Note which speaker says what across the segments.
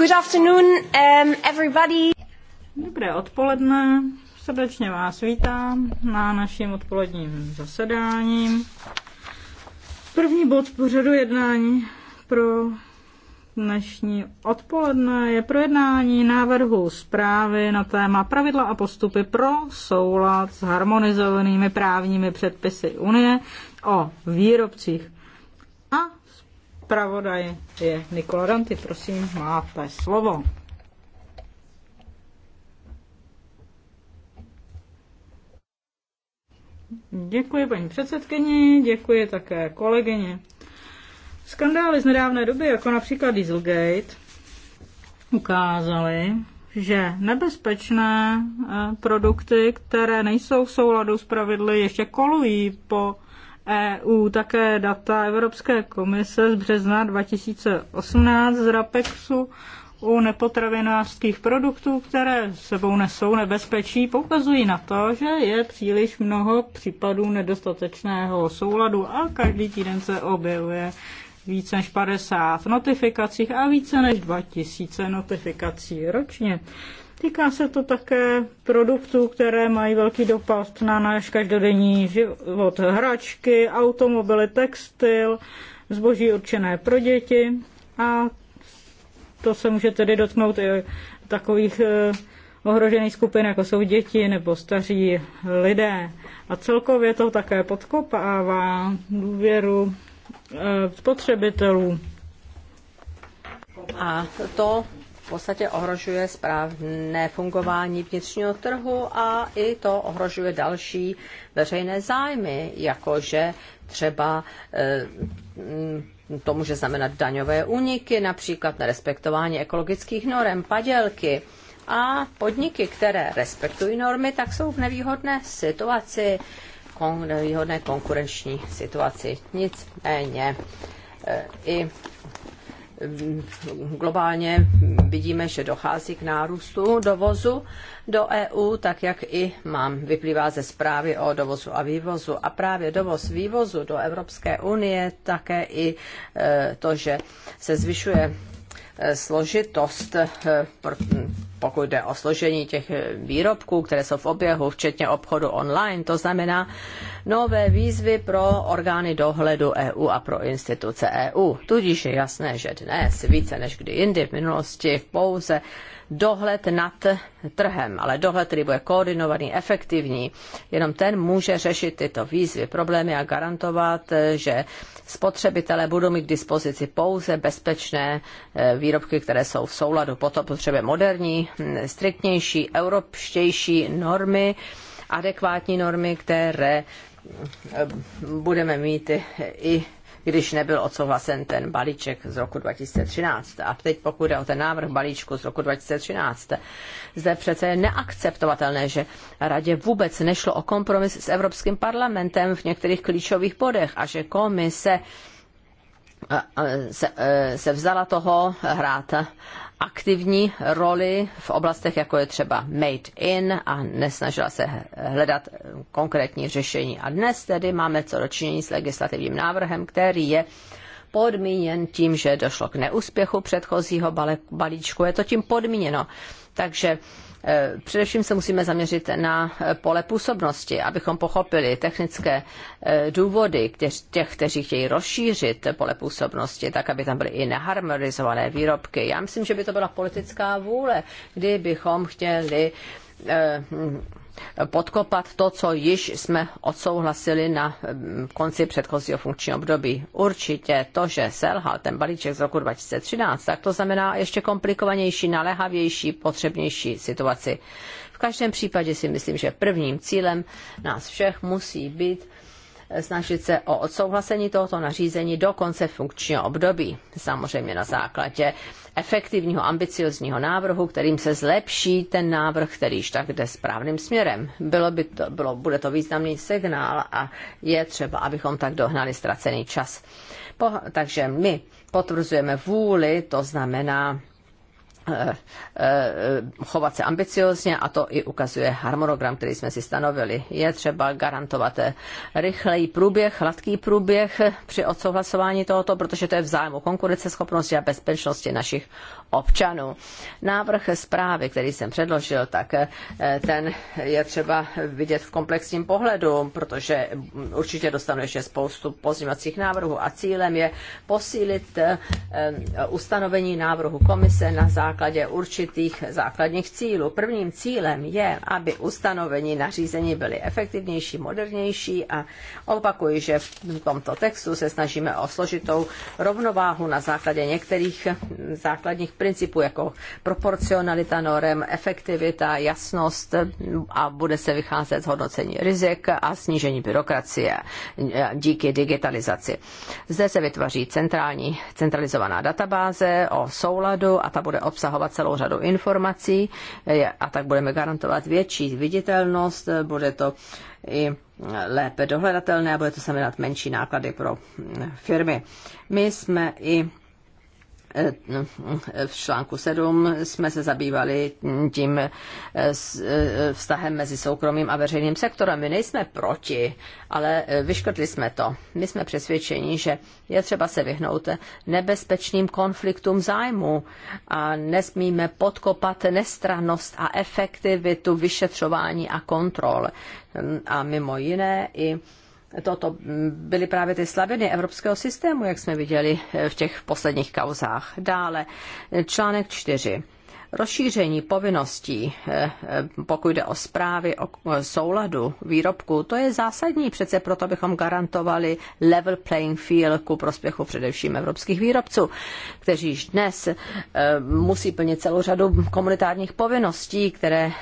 Speaker 1: Good afternoon, um, everybody. Dobré odpoledne, srdečně vás vítám na našem odpoledním zasedání. První bod pořadu jednání pro dnešní odpoledne je projednání návrhu zprávy na téma pravidla a postupy pro soulad s harmonizovanými právními předpisy Unie o výrobcích zpravodaj je Nikola Danty. Prosím, máte slovo. Děkuji paní předsedkyni, děkuji také kolegyně. Skandály z nedávné doby, jako například Dieselgate, ukázaly, že nebezpečné eh, produkty, které nejsou v souladu s pravidly, ještě kolují po EU také data Evropské komise z března 2018 z RAPEXu u nepotravinářských produktů, které sebou nesou nebezpečí, poukazují na to, že je příliš mnoho případů nedostatečného souladu a každý týden se objevuje více než 50 notifikacích a více než 2000 notifikací ročně. Týká se to také produktů, které mají velký dopad na náš každodenní život. Hračky, automobily, textil, zboží určené pro děti a to se může tedy dotknout i takových eh, ohrožených skupin, jako jsou děti nebo staří lidé. A celkově to také podkopává důvěru eh, spotřebitelů. A to podstatě ohrožuje správné fungování
Speaker 2: vnitřního trhu a i to ohrožuje další veřejné zájmy, jakože třeba e, to může znamenat daňové úniky, například nerespektování ekologických norem, padělky. A podniky, které respektují normy, tak jsou v nevýhodné situaci, kon, nevýhodné konkurenční situaci. Nicméně e, i globálně vidíme, že dochází k nárůstu dovozu do EU, tak jak i mám vyplývá ze zprávy o dovozu a vývozu. A právě dovoz vývozu do Evropské unie, také i e, to, že se zvyšuje složitost, eh, pokud jde o složení těch výrobků, které jsou v oběhu, včetně obchodu online, to znamená nové výzvy pro orgány dohledu EU a pro instituce EU. Tudíž je jasné, že dnes více než kdy jindy v minulosti pouze dohled nad trhem, ale dohled, který bude koordinovaný, efektivní, jenom ten může řešit tyto výzvy, problémy a garantovat, že spotřebitelé budou mít k dispozici pouze bezpečné eh, výrobky, které jsou v souladu. Potom potřebuje moderní, hm, striktnější, evropštější normy, adekvátní normy, které hm, eh, budeme mít i když nebyl odsouhlasen ten balíček z roku 2013. A teď pokud jde o ten návrh balíčku z roku 2013, zde přece je neakceptovatelné, že radě vůbec nešlo o kompromis s Evropským parlamentem v některých klíčových bodech a že komise eh, eh, se, eh, se vzala toho hrát aktivní roli v oblastech, jako je třeba Made in a nesnažila se hledat eh, konkrétní řešení. A dnes tedy máme co dočinění s legislativním návrhem, který je podmíněn tím, že došlo k neúspěchu předchozího balíčku. Je to tím podmíněno. Takže e, Především se musíme zaměřit na e, pole působnosti, abychom pochopili technické e, důvody těch, kteří chtějí rozšířit pole působnosti, tak aby tam byly i neharmonizované výrobky. Já myslím, že by to byla politická vůle, kdybychom chtěli podkopat to, co již jsme odsouhlasili na mm, konci předchozího funkčního období. Určitě to, že selhal ten balíček z roku 2013, tak to znamená ještě komplikovanější, naléhavější, potřebnější situaci. V každém případě si myslím, že prvním cílem nás všech musí být snažit se o odsouhlasení tohoto nařízení do konce funkčního období, samozřejmě na základě efektivního, ambiciozního návrhu, kterým se zlepší ten návrh, který již tak jde správným směrem. Bylo by to, bylo, bude to významný signál a je třeba, abychom tak dohnali ztracený čas. Po, takže my potvrzujeme vůli, to znamená Eh, eh, chovat se ambiciozně a to i ukazuje harmonogram, který jsme si stanovili. Je třeba garantovat rychlej průběh, hladký průběh při odsouhlasování tohoto, protože to je v zájmu konkurenceschopnosti a bezpečnosti našich občanů. Návrh zprávy, který jsem předložil, tak eh, ten je třeba vidět v komplexním pohledu, protože určitě dostanu ještě spoustu pozměňovacích návrhů a cílem je posílit eh, eh, ustanovení návrhu komise na základě určitých základních cílů. Prvním cílem je, aby ustanovení nařízení byly efektivnější, modernější a opakuji, že v tomto textu se snažíme o složitou rovnováhu na základě některých základních principů jako proporcionalita norem, efektivita, jasnost a bude se vycházet z hodnocení rizik a snížení byrokracie díky digitalizaci. Zde se vytvoří centrální, centralizovaná databáze o souladu a ta bude obsahovat celou řadu informací a tak budeme garantovat větší viditelnost, bude to i lépe dohledatelné a bude to znamenat menší náklady pro firmy. My jsme i Eh, v článku 7 jsme se zabývali tím eh, eh, vztahem mezi soukromým a veřejným sektorem. My nejsme proti, ale vyškrtli jsme to. My jsme přesvědčeni, že je třeba se vyhnout nebezpečným konfliktům zájmu a nesmíme podkopat nestrannost a efektivitu vyšetřování a kontrol. A mimo jiné i toto byly právě ty slabiny evropského systému, jak jsme viděli v těch posledních kauzách. Dále článek 4 Rozšíření povinností, eh, eh, pokud jde o zprávy o souladu výrobku, to je zásadní přece proto, abychom garantovali level playing field ku prospěchu především evropských výrobců, kteří již dnes eh, musí plnit celou řadu komunitárních povinností, které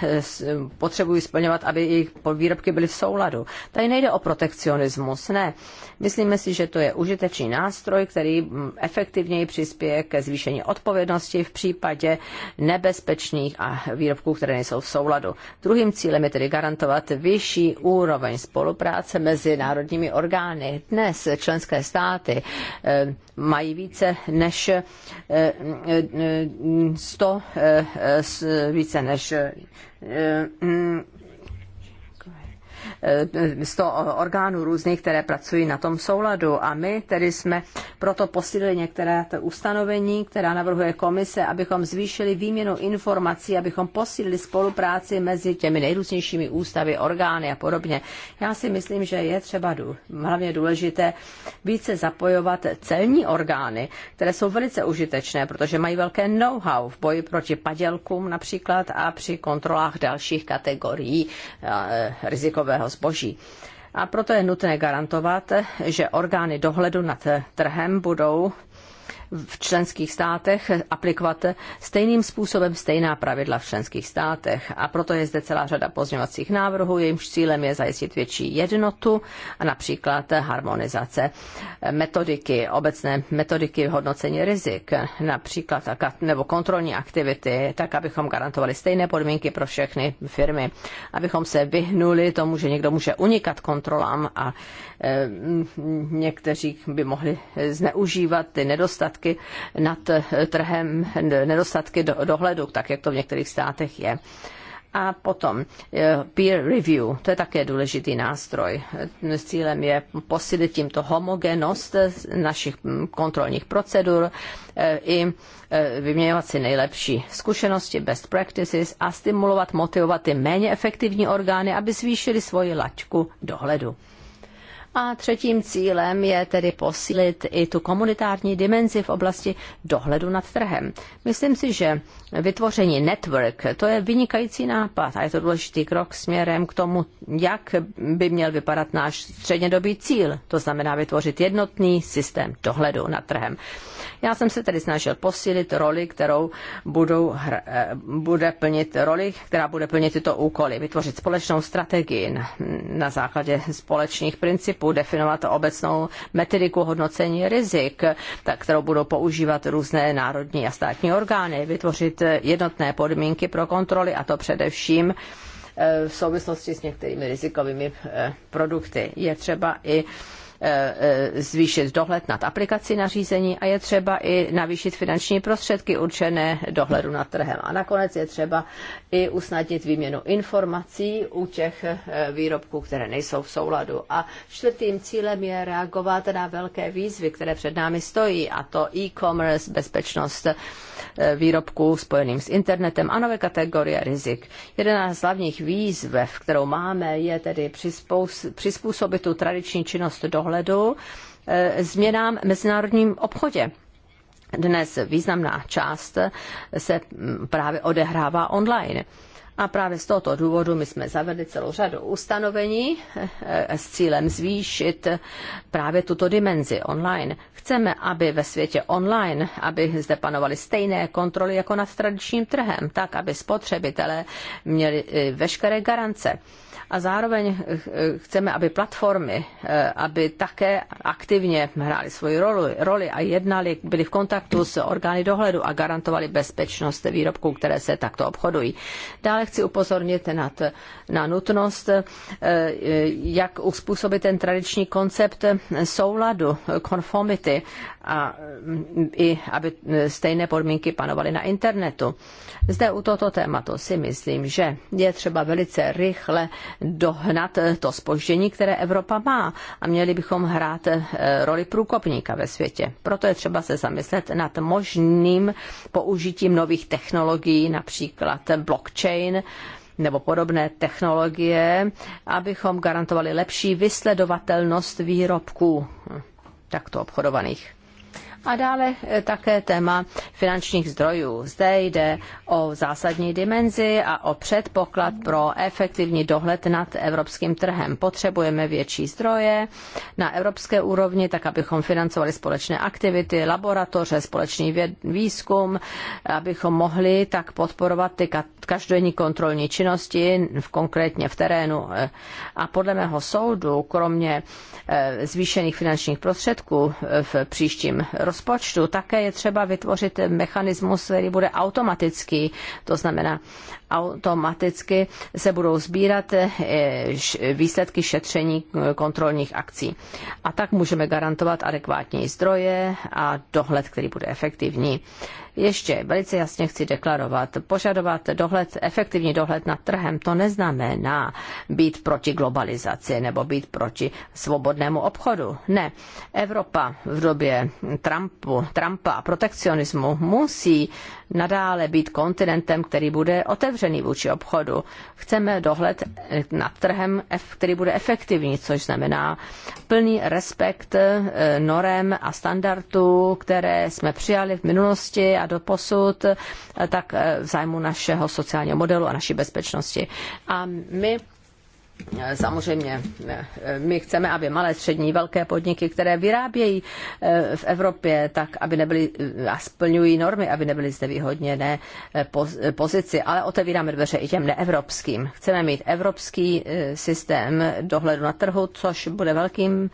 Speaker 2: potřebují splňovat, aby jejich výrobky byly v souladu. Tady nejde o protekcionismus, ne. Myslíme si, že to je užitečný nástroj, který mm, efektivněji přispěje ke zvýšení odpovědnosti v případě ne nebezpečných a výrobků, které nejsou v souladu. Druhým cílem je tedy garantovat vyšší úroveň spolupráce mezi národními orgány. Dnes členské státy eh, mají více než 100, eh, eh, více než 100 eh, orgánů různých, které pracují na tom souladu. A my tedy jsme proto posílili některé to ustanovení, která navrhuje komise, abychom zvýšili výměnu informací, abychom posílili spolupráci mezi těmi nejrůznějšími ústavy, orgány a podobně. Já si myslím, že je třeba hlavně důležité více zapojovat celní orgány, které jsou velice užitečné, protože mají velké know-how v boji proti padělkům například a při kontrolách dalších kategorií eh, rizikového zboží. A proto je nutné garantovat, že orgány dohledu nad trhem budou v členských státech aplikovat stejným způsobem stejná pravidla v členských státech. A proto je zde celá řada pozměňovacích návrhů, jejímž cílem je zajistit větší jednotu a například harmonizace metodiky, obecné metodiky hodnocení rizik, například nebo kontrolní aktivity, tak abychom garantovali stejné podmínky pro všechny firmy, abychom se vyhnuli tomu, že někdo může unikat kontrolám a e, někteří by mohli zneužívat ty nedostatky nedostatky nad eh, trhem, nedostatky do, dohledu, tak jak to v některých státech je. A potom eh, peer review, to je také důležitý nástroj. Eh, s cílem je posílit tímto homogenost našich hm, kontrolních procedur i vyměňovat si nejlepší zkušenosti, best practices a stimulovat, motivovat ty méně efektivní orgány, aby zvýšili svoji laťku dohledu. A třetím cílem je tedy posílit i tu komunitární dimenzi v oblasti dohledu nad trhem. Myslím si, že vytvoření network, to je vynikající nápad a je to důležitý krok směrem k tomu, jak by měl vypadat náš střednědobý cíl, to znamená vytvořit jednotný systém dohledu nad trhem. Já jsem se tedy snažil posílit roli, kterou budou, eh, bude plnit roli, která bude plnit tyto úkoly, vytvořit společnou strategii na základě společných principů, definovat obecnou metodiku hodnocení rizik, tak, kterou budou používat různé národní a státní orgány, vytvořit eh, jednotné podmínky pro kontroly a to především eh, v souvislosti s některými rizikovými produkty. Je třeba i Eh, eh, zvýšit dohled nad aplikací nařízení a je třeba i navýšit finanční prostředky určené dohledu nad trhem. A nakonec je třeba i usnadnit výměnu informací u těch eh, výrobků, které nejsou v souladu. A čtvrtým cílem je reagovat na velké výzvy, které před námi stojí, a to e-commerce, bezpečnost výrobků spojeným s internetem a nové kategorie rizik. Jedna z hlavních výzv, kterou máme, je tedy přizpůsobit tu tradiční činnost dohledu ohledu eh, změnám v mezinárodním obchodě. Dnes významná část se mm, právě odehrává online. A právě z tohoto důvodu my jsme zavedli celou řadu ustanovení s cílem zvýšit právě tuto dimenzi online. Chceme, aby ve světě online, aby zde panovaly stejné kontroly jako nad tradičním trhem, tak, aby spotřebitelé měli eh, veškeré garance. A zároveň eh, chceme, aby platformy, eh, aby také aktivně hrály svoji roli, roli a jednali, byli v kontaktu s orgány dohledu a garantovali bezpečnost výrobků, které se takto obchodují. Dále chci upozornit na, na nutnost, eh, jak uspůsobit ten tradiční koncept souladu, konformity a mm, i aby stejné podmínky panovaly na internetu. Zde u tohoto tématu si myslím, že je třeba velice rychle dohnat to spoždění, které Evropa má a měli bychom hrát eh, roli průkopníka ve světě. Proto je třeba se zamyslet nad možným použitím nových technologií, například blockchain, nebo podobné technologie, abychom garantovali lepší vysledovatelnost výrobků takto obchodovaných. A dále eh, také téma finančních zdrojů. Zde jde o zásadní dimenzi a o předpoklad pro efektivní dohled nad evropským trhem. Potřebujeme větší zdroje na evropské úrovni, tak abychom financovali společné aktivity, laboratoře, společný výzkum, abychom mohli tak podporovat ty každodenní kontrolní činnosti, konkrétně v terénu. Eh, a podle mého soudu, kromě eh, zvýšených finančních prostředků v příštím rozpočtu, rozpočtu. Také je třeba vytvořit mechanismus, který bude automatický, to znamená automaticky se budou sbírat eh, výsledky šetření eh, kontrolních akcí. A tak můžeme garantovat adekvátní zdroje a dohled, který bude efektivní. Ještě velice jasně chci deklarovat, požadovat dohled, efektivní dohled nad trhem, to neznamená být proti globalizaci nebo být proti svobodnému obchodu. Ne, Evropa v době Trumpu, Trumpa a protekcionismu musí nadále být kontinentem, který bude otevřený vůči obchodu. Chceme dohled nad trhem, který bude efektivní, což znamená plný respekt eh, norem a standardů, které jsme přijali v minulosti a do posud, eh, tak eh, v zájmu našeho sociálního modelu a naší bezpečnosti. A my Samozřejmě, my chceme, aby malé, střední, velké podniky, které vyrábějí eh, v Evropě, tak aby nebyly, eh, a splňují normy, aby nebyly zde výhodněné eh, pozici, ale otevíráme dveře i těm neevropským. Chceme mít evropský systém dohledu na trhu, což bude velkým,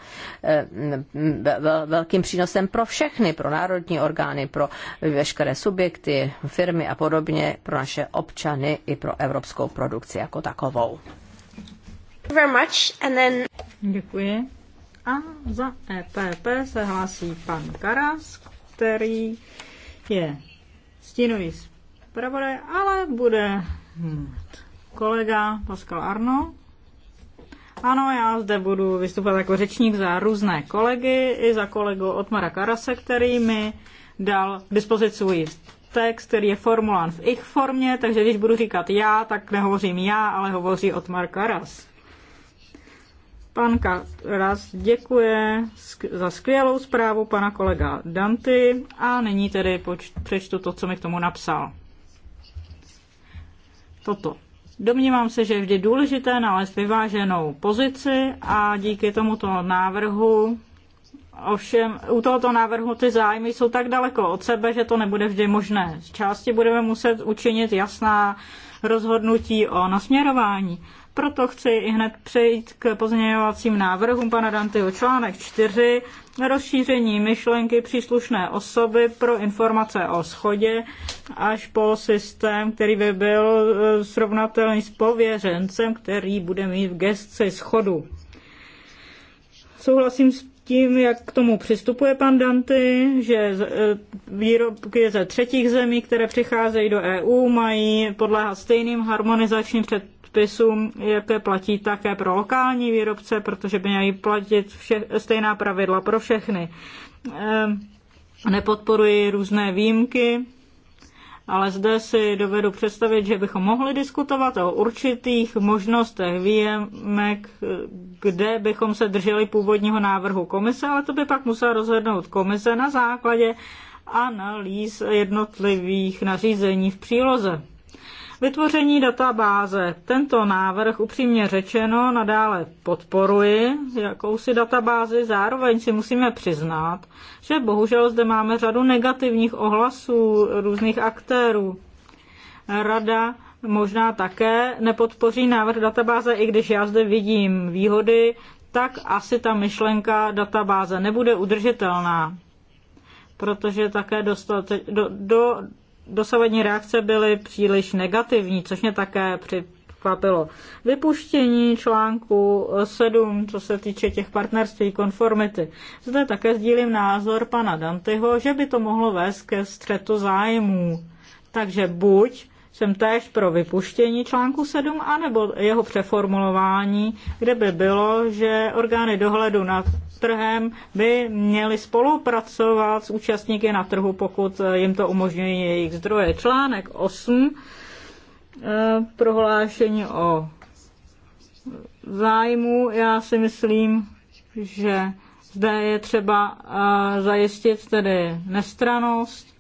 Speaker 2: velkým přínosem pro všechny, pro národní orgány, pro veškeré subjekty, firmy a podobně, pro naše občany i pro evropskou produkci jako takovou.
Speaker 1: Very much and then... Děkuji. A za EPP se hlásí pan Karas, který je stínový zpravodaj, ale bude kolega Pascal Arno. Ano, já zde budu vystupovat jako řečník za různé kolegy i za kolegu Otmara Karase, který mi dal k dispozici svůj text, který je formulán v ich formě, takže když budu říkat já, tak nehovořím já, ale hovoří Otmar Karas. Pan Karas děkuje za skvělou zprávu pana kolega Danty a nyní tedy přečtu to, co mi k tomu napsal. Toto. Domnívám se, že je vždy důležité nalézt vyváženou pozici a díky tomuto návrhu Ovšem, u tohoto návrhu ty zájmy jsou tak daleko od sebe, že to nebude vždy možné. Z části budeme muset učinit jasná rozhodnutí o nasměrování, proto chci i hned přejít k pozměňovacím návrhům pana Dantyho článek 4, rozšíření myšlenky příslušné osoby pro informace o schodě až po systém, který by byl eh, srovnatelný s pověřencem, který bude mít v gestci schodu. Souhlasím s tím, jak k tomu přistupuje pan Danty, že eh, výrobky ze třetích zemí, které přicházejí do EU, mají podléhat stejným harmonizačním před předpisům, jaké platí také pro lokální výrobce, protože by měly platit vše, stejná pravidla pro všechny. Ehm, nepodporuji různé výjimky, ale zde si dovedu představit, že bychom mohli diskutovat o určitých možnostech výjimek, kde bychom se drželi původního návrhu komise, ale to by pak musela rozhodnout komise na základě analýz jednotlivých nařízení v příloze. Vytvoření databáze. Tento návrh upřímně řečeno nadále podporuji jakousi databázi, zároveň si musíme přiznat, že bohužel zde máme řadu negativních ohlasů různých aktérů. Rada možná také nepodpoří návrh databáze, i když já zde vidím výhody, tak asi ta myšlenka databáze nebude udržitelná, protože také dostate, do, do, dosavadní reakce byly příliš negativní, což mě také překvapilo. Vypuštění článku 7, co se týče těch partnerství konformity. Zde také sdílím názor pana Dantyho, že by to mohlo vést ke střetu zájmů. Takže buď jsem též pro vypuštění článku 7 anebo jeho přeformulování, kde by bylo, že orgány dohledu nad trhem by měly spolupracovat s účastníky na trhu, pokud jim to umožňují jejich zdroje. Článek 8 e, prohlášení o zájmu. Já si myslím, že zde je třeba e, zajistit tedy nestranost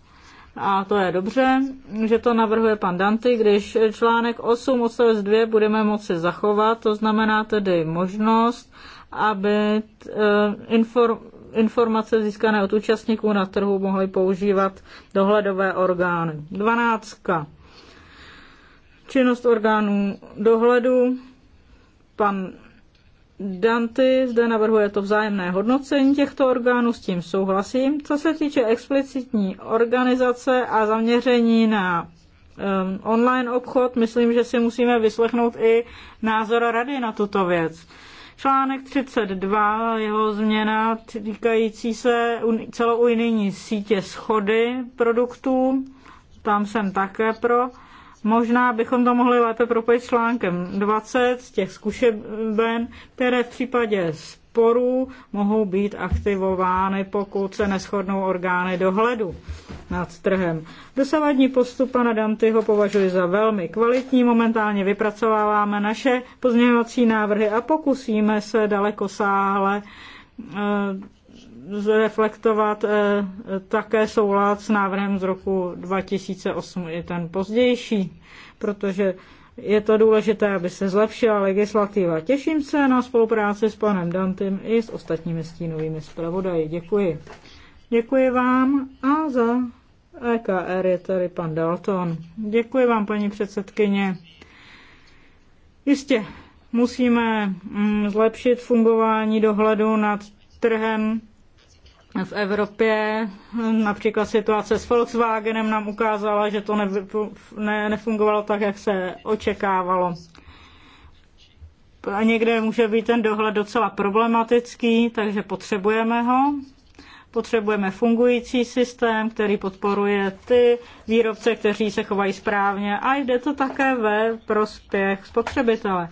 Speaker 1: a to je dobře, že to navrhuje pan Danty, když článek 8 odstavec 2 budeme moci zachovat, to znamená tedy možnost, aby eh, informace získané od účastníků na trhu mohly používat dohledové orgány. 12. Činnost orgánů dohledu. Pan Danty zde navrhuje to vzájemné hodnocení těchto orgánů, s tím souhlasím. Co se týče explicitní organizace a zaměření na um, online obchod, myslím, že si musíme vyslechnout i názor rady na tuto věc. Článek 32, jeho změna týkající se celou sítě schody produktů, tam jsem také pro. Možná bychom to mohli lépe propojit s článkem 20 z těch zkušeben, které v případě sporů mohou být aktivovány, pokud se neschodnou orgány dohledu nad trhem. Dosavadní postup pana Dantyho považuji za velmi kvalitní. Momentálně vypracováváme naše pozměňovací návrhy a pokusíme se daleko sáhle eh, zreflektovat eh, také soulad s návrhem z roku 2008 i ten pozdější, protože je to důležité, aby se zlepšila legislativa. Těším se na spolupráci s panem Dantem i s ostatními stínovými zpravodaji. Děkuji. Děkuji vám a za EKR je tady pan Dalton. Děkuji vám, paní předsedkyně. Jistě, musíme mm, zlepšit fungování dohledu nad trhem v Evropě. Například situace s Volkswagenem nám ukázala, že to ne, nefungovalo tak, jak se očekávalo. A někde může být ten dohled docela problematický, takže potřebujeme ho. Potřebujeme fungující systém, který podporuje ty výrobce, kteří se chovají správně a jde to také ve prospěch spotřebitele.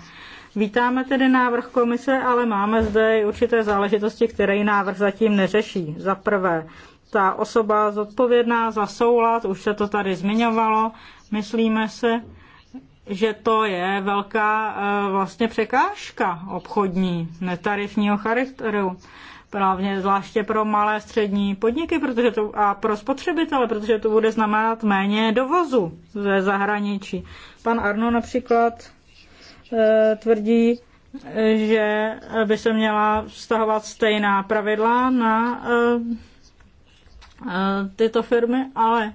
Speaker 1: Vítáme tedy návrh komise, ale máme zde určité záležitosti, které návrh zatím neřeší. Za prvé, ta osoba zodpovědná za soulad, už se to tady zmiňovalo, myslíme se, že to je velká eh, vlastně překážka obchodní, netarifního charakteru. Právně zvláště pro malé střední podniky protože to, a pro spotřebitele, protože to bude znamenat méně dovozu ze zahraničí. Pan Arno například Eh, tvrdí, že by se měla vztahovat stejná pravidla na eh, eh, tyto firmy, ale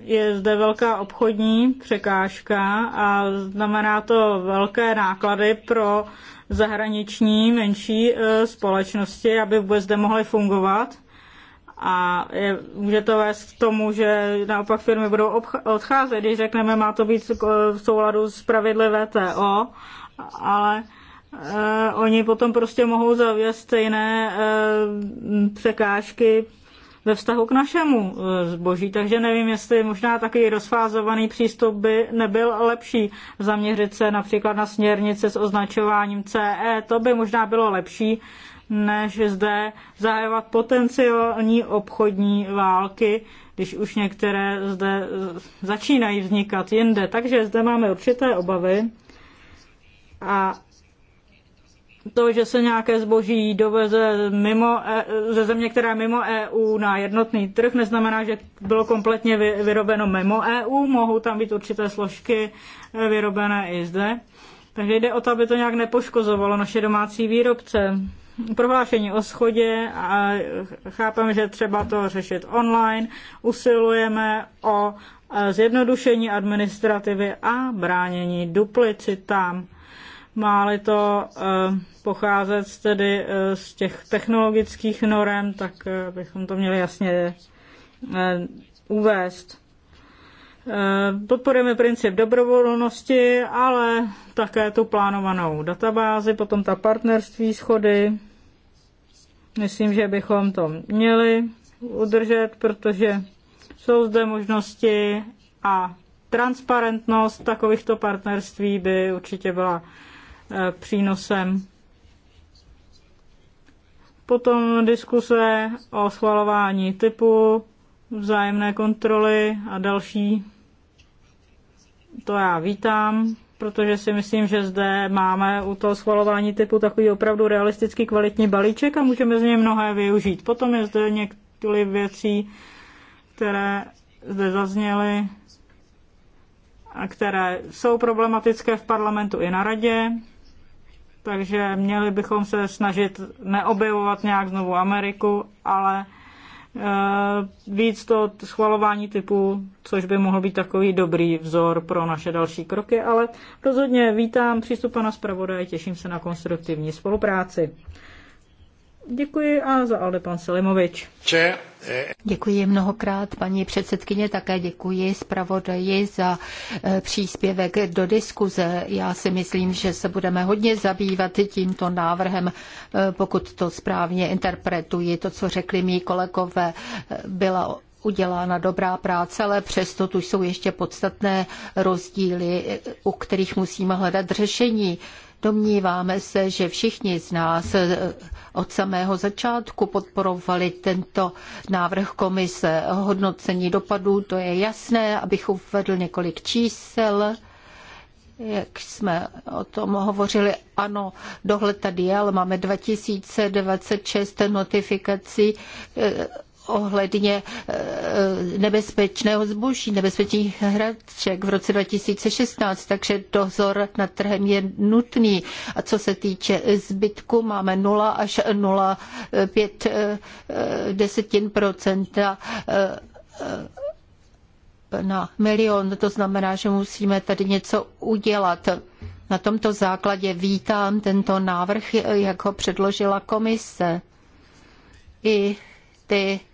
Speaker 1: je zde velká obchodní překážka a znamená to velké náklady pro zahraniční menší společnosti, aby vůbec zde mohly fungovat a je, může to vést k tomu, že naopak firmy budou odcházet, když řekneme, má to být v souladu s pravidly VTO, ale eh, oni potom prostě mohou zavést stejné eh, překážky ve vztahu k našemu eh, zboží, takže nevím, jestli možná takový rozfázovaný přístup by nebyl lepší. Zaměřit se například na směrnice s označováním CE, to by možná bylo lepší, než zde zahajovat potenciální obchodní války, když už některé zde začínají vznikat jinde. Takže zde máme určité obavy a to, že se nějaké zboží doveze mimo, e, ze země, která je mimo EU na jednotný trh, neznamená, že bylo kompletně vyrobeno mimo EU, mohou tam být určité složky e, vyrobené i zde. Takže jde o to, aby to nějak nepoškozovalo naše domácí výrobce prohlášení o schodě a chápeme, že třeba to řešit online. Usilujeme o e, zjednodušení administrativy a bránění duplicitám. Máli to e, pocházet tedy e, z těch technologických norem, tak bychom to měli jasně uvést. Podporujeme princip dobrovolnosti, ale také tu plánovanou databázi, potom ta partnerství schody, Myslím, že bychom to měli udržet, protože jsou zde možnosti a transparentnost takovýchto partnerství by určitě byla e, přínosem. Potom diskuse o schvalování typu, vzájemné kontroly a další. To já vítám protože si myslím, že zde máme u toho schvalování typu takový opravdu realisticky kvalitní balíček a můžeme z něj mnohé využít. Potom je zde několik věcí, které zde zazněly a které jsou problematické v parlamentu i na radě, takže měli bychom se snažit neobjevovat nějak znovu Ameriku, ale Eh, víc to schvalování typu, což by mohl být takový dobrý vzor pro naše další kroky, ale rozhodně vítám přístup pana zpravodaje, těším se na konstruktivní spolupráci. Děkuji a za Alde pan Selimovič. E,
Speaker 3: děkuji mnohokrát, paní předsedkyně, také děkuji zpravodaji za e, příspěvek do diskuze. Já si myslím, že se budeme hodně zabývat tímto návrhem, e, pokud to správně interpretuji, to, co řekli mý kolegové, byla udělána dobrá práce, ale přesto tu jsou ještě podstatné rozdíly, u kterých musíme hledat řešení. Domníváme se, že všichni z nás eh, od samého začátku podporovali tento návrh komise. Hodnocení dopadů, to je jasné, abych uvedl několik čísel jak jsme o tom hovořili, ano, dohled tady je, ale máme 2026 notifikací eh, ohledně eh, nebezpečného zboží, nebezpečných hraček v roce 2016, takže dozor nad trhem je nutný. A co se týče zbytku, máme 0 až 0,5 eh, eh, desetin procenta na milion. To znamená, že musíme tady něco udělat. Na tomto základě vítám tento návrh, jak ho předložila komise. I ty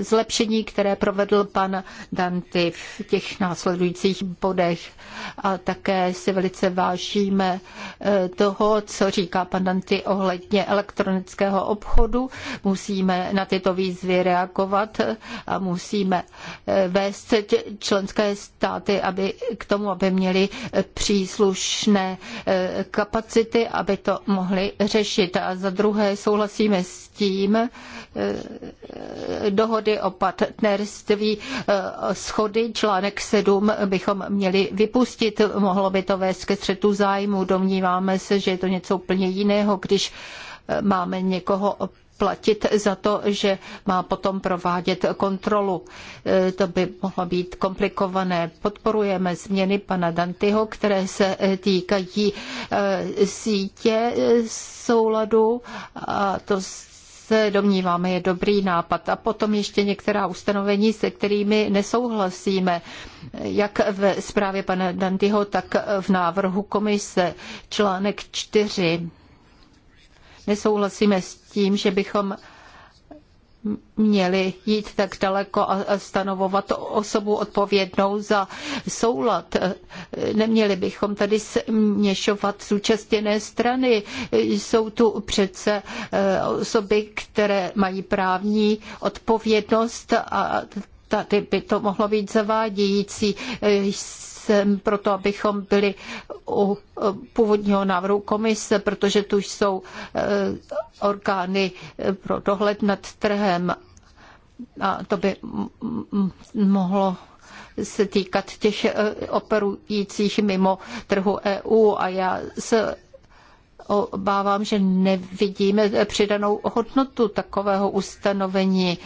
Speaker 3: zlepšení, které provedl pan Danty v těch následujících bodech. A také si velice vážíme eh, toho, co říká pan Danty ohledně elektronického obchodu. Musíme na tyto výzvy reagovat a musíme eh, vést členské státy aby, k tomu, aby měli příslušné eh, kapacity, aby to mohli řešit. A za druhé souhlasíme s tím, dohody o partnerství e, schody. Článek 7 bychom měli vypustit. Mohlo by to vést ke střetu zájmu. Domníváme se, že je to něco úplně jiného, když e, máme někoho platit za to, že má potom provádět kontrolu. E, to by mohlo být komplikované. Podporujeme změny pana Dantyho, které se týkají sítě souladu a to se domníváme je dobrý nápad. A potom ještě některá ustanovení, se kterými nesouhlasíme, jak ve zprávě pana Dantyho, tak v návrhu komise článek 4. Nesouhlasíme s tím, že bychom měli jít tak daleko a stanovovat osobu odpovědnou za soulad. Neměli bychom tady směšovat zúčastněné strany. Jsou tu přece e, osoby, které mají právní odpovědnost a tady by to mohlo být zavádějící. E, jsem proto, abychom byli u původního návrhu komise, protože tu jsou eh, orgány eh, pro dohled nad trhem a to by mohlo se týkat těch eh, operujících mimo trhu EU a já se obávám, že nevidíme přidanou hodnotu takového ustanovení.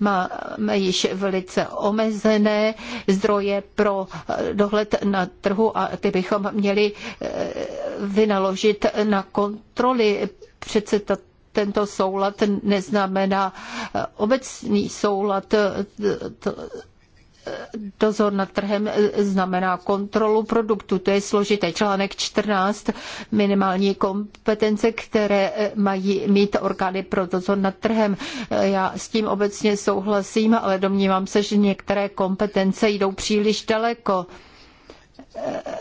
Speaker 3: Máme již velice omezené zdroje pro dohled na trhu a ty bychom měli eh, vynaložit na kontroly. Přece ta tento soulad neznamená eh, obecný soulad, eh, to dozor nad trhem e, znamená kontrolu produktu. To je složité. Článek 14 minimální kompetence, které e, mají mít orgány pro dozor nad trhem. E, já s tím obecně souhlasím, ale domnívám se, že některé kompetence jdou příliš daleko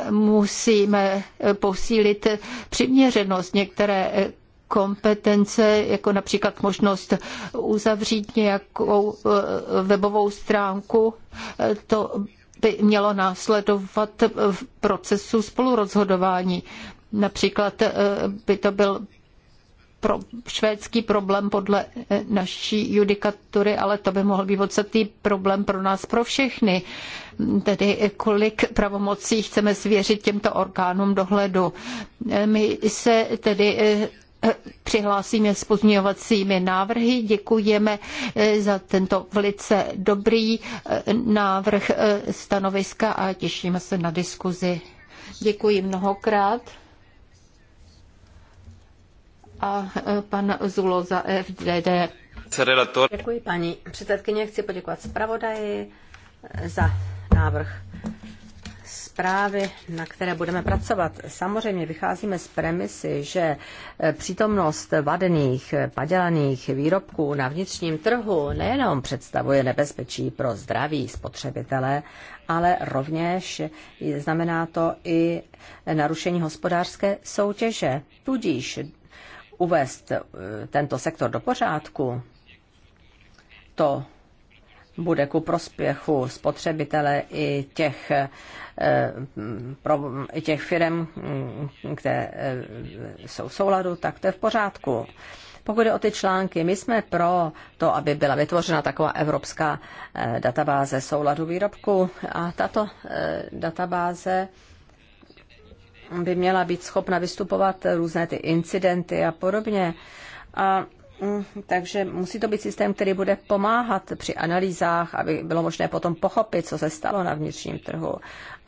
Speaker 3: musíme posílit přiměřenost. Některé kompetence, jako například možnost uzavřít nějakou eh, webovou stránku, eh, to by mělo následovat v procesu spolurozhodování. Například eh, by to byl pro švédský problém podle naší judikatury, ale to by mohl být podstatný problém pro nás, pro všechny. Tedy kolik pravomocí chceme svěřit těmto orgánům dohledu. My se tedy přihlásíme s pozměňovacími návrhy. Děkujeme eh, za tento velice dobrý eh, návrh eh, stanoviska a těšíme se na diskuzi. Děkuji mnohokrát. A pan Zulo za FDD. Děkuji paní předsedkyně, chci poděkovat zpravodaji za
Speaker 2: návrh zprávy, na které budeme pracovat. Samozřejmě vycházíme z premisy, že e, přítomnost vadených, e, padělaných výrobků na vnitřním trhu nejenom představuje nebezpečí pro zdraví spotřebitele, ale rovněž znamená to i narušení hospodářské soutěže. Tudíž uvést e, tento sektor do pořádku, to bude ku prospěchu spotřebitele i těch, eh, i těch firm, mm, které eh, jsou v souladu, tak to je v pořádku. Pokud jde o ty články, my jsme pro to, aby byla vytvořena taková evropská eh, databáze souladu výrobku a tato databáze by měla být schopna vystupovat různé ty incidenty a podobně. A Mm, takže musí to být systém, který bude pomáhat při analýzách, aby bylo možné potom pochopit, co se stalo na vnitřním trhu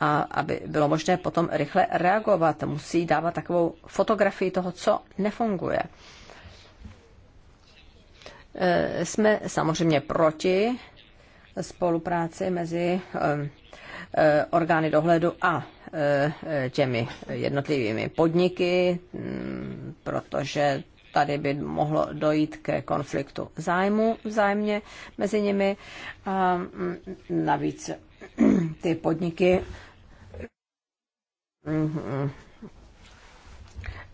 Speaker 2: a aby bylo možné potom rychle reagovat. Musí dávat takovou fotografii toho, co nefunguje. E, jsme samozřejmě proti spolupráci mezi e, orgány dohledu a e, těmi jednotlivými podniky, protože tady by mohlo dojít ke konfliktu zájmu vzájemně mezi nimi. A mm, navíc ty podniky mm,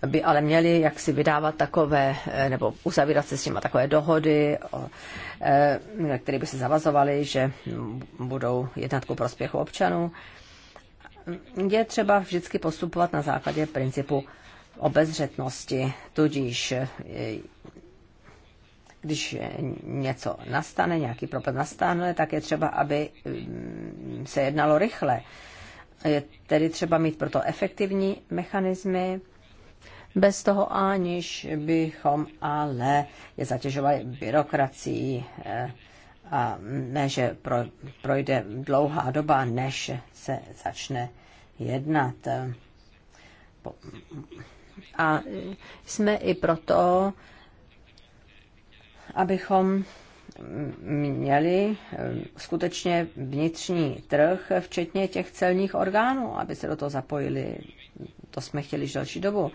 Speaker 2: by ale měli jaksi vydávat takové, eh, nebo uzavírat se s nimi takové dohody, eh, které by se zavazovaly, že budou jednat ku prospěchu občanů. Je třeba vždycky postupovat na základě principu obezřetnosti, tudíž e, když něco nastane, nějaký propad nastane, tak je třeba, aby mm, se jednalo rychle. Je tedy třeba mít proto efektivní mechanismy, bez toho aniž bychom ale je zatěžovali byrokracií e, a ne, že projde dlouhá doba, než se začne jednat a jsme i proto, abychom měli eh, skutečně vnitřní trh, včetně těch celních orgánů, aby se do toho zapojili. To jsme chtěli již další dobu.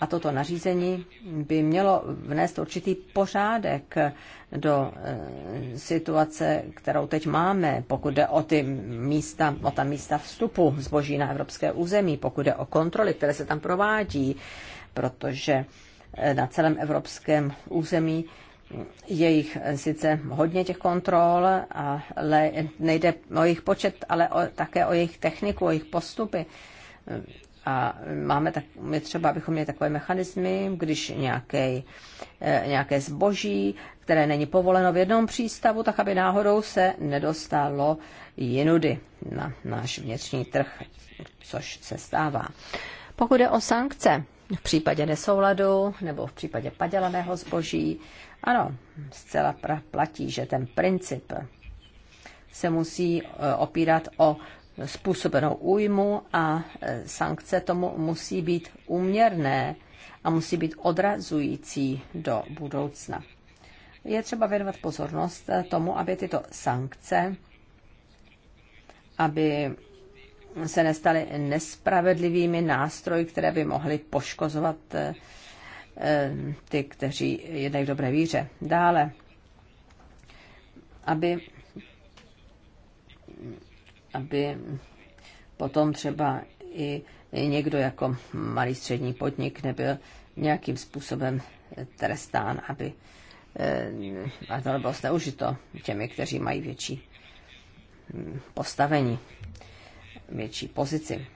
Speaker 2: A toto nařízení by mělo vnést určitý pořádek do eh, situace, kterou teď máme, pokud jde o ty místa, o ta místa vstupu zboží na evropské území, pokud jde o kontroly, které se tam provádí, protože eh, na celém evropském území je jich eh, sice hodně těch kontrol, ale nejde o jejich počet, ale o, také o jejich techniku, o jejich postupy. A máme tak, my třeba, abychom měli takové mechanismy, když nějaké, eh, nějaké zboží, které není povoleno v jednom přístavu, tak aby náhodou se nedostalo jinudy na náš vnitřní trh, což se stává. Pokud je o sankce, v případě nesouladu nebo v případě padělaného zboží, ano, zcela platí, že ten princip se musí eh, opírat o způsobenou újmu a e, sankce tomu musí být úměrné a musí být odrazující do budoucna. Je třeba věnovat pozornost e, tomu, aby tyto sankce, aby se nestaly nespravedlivými nástroji, které by mohly poškozovat e, ty, kteří jednají v dobré víře. Dále, aby aby potom třeba i někdo jako malý střední podnik nebyl nějakým způsobem trestán, aby eh, a to nebylo zneužito těmi, kteří mají větší hm, postavení, větší pozici.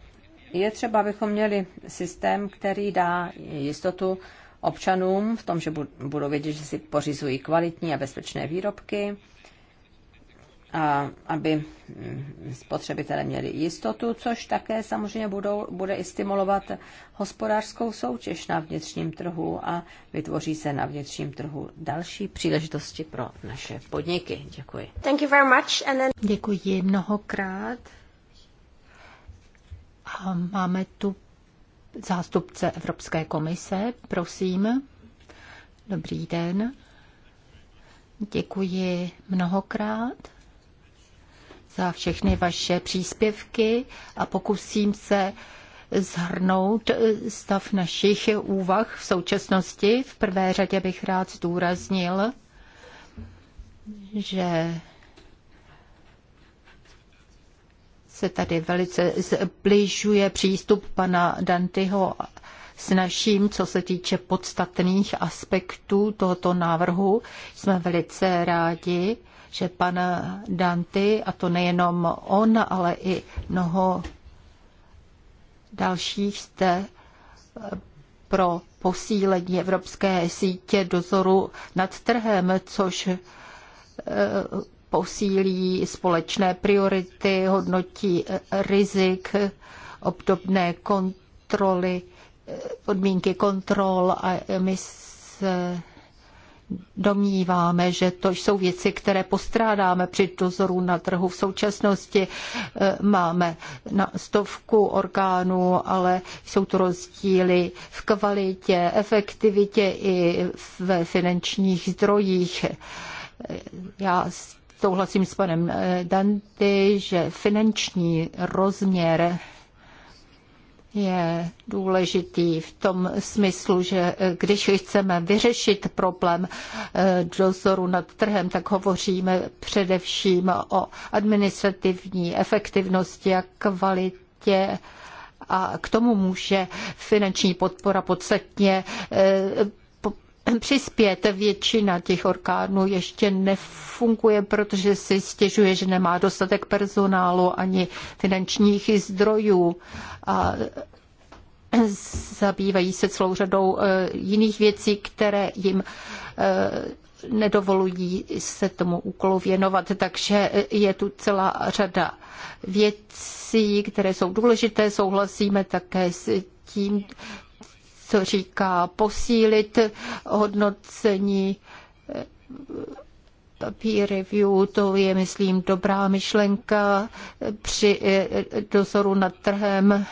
Speaker 2: Je třeba, abychom měli systém, který dá jistotu občanům v tom, že budou vědět, že si pořizují kvalitní a bezpečné výrobky, a aby mm, spotřebitelé měli jistotu, což také samozřejmě budou, bude i stimulovat hospodářskou soutěž na vnitřním trhu a vytvoří se na vnitřním trhu další příležitosti pro naše podniky. Děkuji.
Speaker 3: Thank you very much. And then... Děkuji mnohokrát. A máme tu zástupce Evropské komise, prosím. Dobrý den. Děkuji mnohokrát za všechny vaše příspěvky a pokusím se zhrnout eh, stav našich úvah v současnosti. V prvé řadě bych rád zdůraznil, že se tady velice zbližuje přístup pana Dantyho s naším, co se týče podstatných aspektů tohoto návrhu. Jsme velice rádi, že pan Danty, a to nejenom on, ale i mnoho dalších jste eh, pro posílení evropské sítě dozoru nad trhem, což eh, posílí společné priority, hodnotí eh, rizik, obdobné kontroly, podmínky kontrol a my se domníváme, že to jsou věci, které postrádáme při dozoru na trhu. V současnosti e, máme na stovku orgánů, ale jsou to rozdíly v kvalitě, efektivitě i ve finančních zdrojích. E, já souhlasím s panem Danty, že finanční rozměr je důležitý v tom smyslu, že eh, když chceme vyřešit problém eh, dozoru nad trhem, tak hovoříme především o administrativní efektivnosti a kvalitě a k tomu může finanční podpora podstatně eh, přispět. Většina těch orgánů ještě nefunguje, protože si stěžuje, že nemá dostatek personálu ani finančních zdrojů. A zabývají se celou řadou e, jiných věcí, které jim e, nedovolují se tomu úkolu věnovat. Takže e, je tu celá řada věcí, které jsou důležité. Souhlasíme také s tím, co říká posílit hodnocení eh, peer review, to je, myslím, dobrá myšlenka při eh, dozoru nad trhem, eh,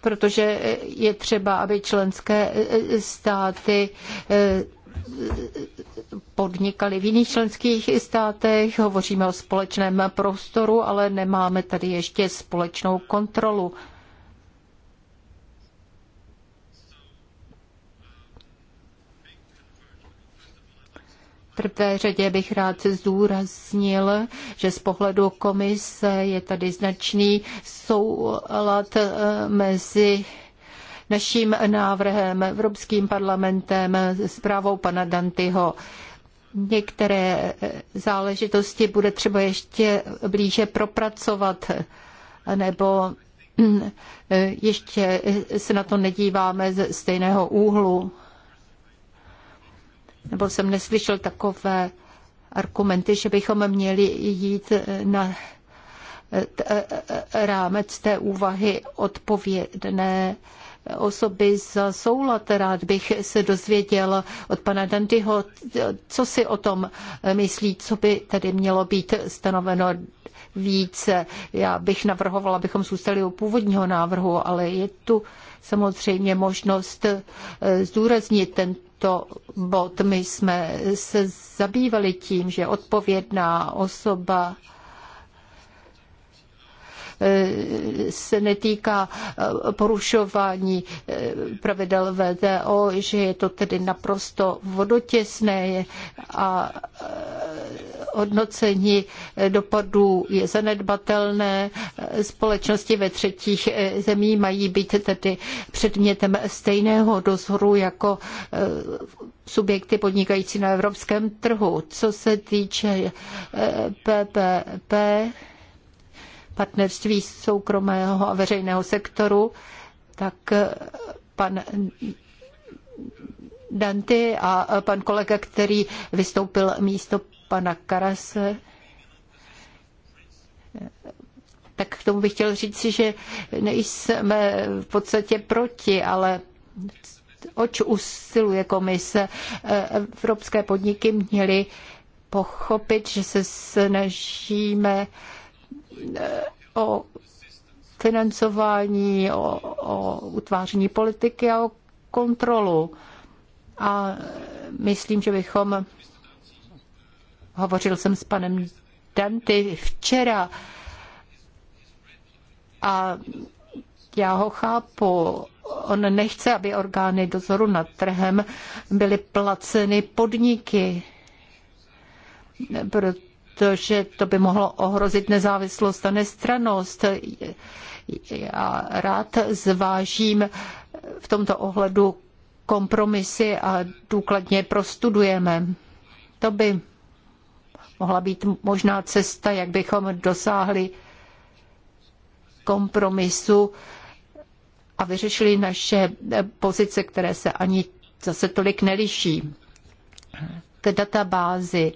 Speaker 3: protože je třeba, aby členské státy podnikali v jiných členských státech, hovoříme o společném prostoru, ale nemáme tady ještě společnou kontrolu. prvé řadě bych rád zdůraznil, že z pohledu komise je tady značný soulad eh, mezi naším návrhem, Evropským parlamentem, zprávou pana Dantyho. Některé eh, záležitosti bude třeba ještě blíže propracovat, nebo eh, ještě se na to nedíváme ze stejného úhlu nebo jsem neslyšel takové argumenty, že bychom měli jít eh, na eh, eh, rámec té úvahy odpovědné osoby za soulad. Rád bych se dozvěděl od pana Dandyho, co si o tom myslí, co by tedy mělo být stanoveno více. Já bych navrhovala, abychom zůstali u původního návrhu, ale je tu samozřejmě možnost eh, zdůraznit tento bod. My jsme se zabývali tím, že odpovědná osoba se netýká eh, porušování eh, pravidel VTO, že je to tedy naprosto vodotěsné a eh, hodnocení dopadů je zanedbatelné. Společnosti ve třetích zemí mají být tedy předmětem stejného dozoru jako subjekty podnikající na evropském trhu. Co se týče PPP, partnerství soukromého a veřejného sektoru, tak eh, pan Danty a eh, pan kolega, který vystoupil místo pana Karase, eh, tak k tomu bych chtěl říct, že nejsme v podstatě proti, ale oč usiluje komise. Evropské podniky měly pochopit, že se snažíme o financování, o, o utváření politiky a o kontrolu. A myslím, že bychom, hovořil jsem s panem Danty včera a já ho chápu. On nechce, aby orgány dozoru nad trhem byly placeny podniky, proto protože to by mohlo ohrozit nezávislost a nestranost. Já rád zvážím v tomto ohledu kompromisy a důkladně prostudujeme. To by mohla být možná cesta, jak bychom dosáhli kompromisu a vyřešili naše pozice, které se ani zase tolik neliší. K databázi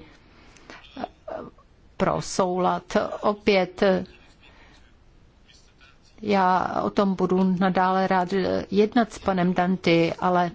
Speaker 3: pro soulad. Opět já o tom budu nadále rád jednat s panem Danty, ale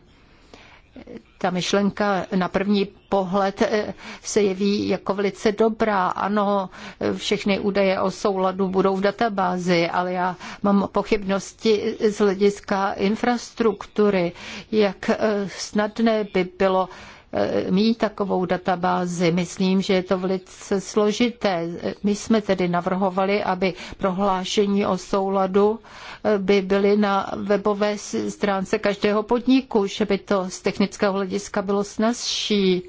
Speaker 3: ta myšlenka na první pohled eh, se jeví jako velice dobrá. Ano, všechny údaje o souladu budou v databázi, ale já mám pochybnosti z hlediska infrastruktury, jak eh, snadné by bylo Eh, mít takovou databázi. Myslím, že je to velice složité. My jsme tedy navrhovali, aby prohlášení o souladu eh, by byly na webové stránce každého podniku, že by to z technického hlediska bylo snazší.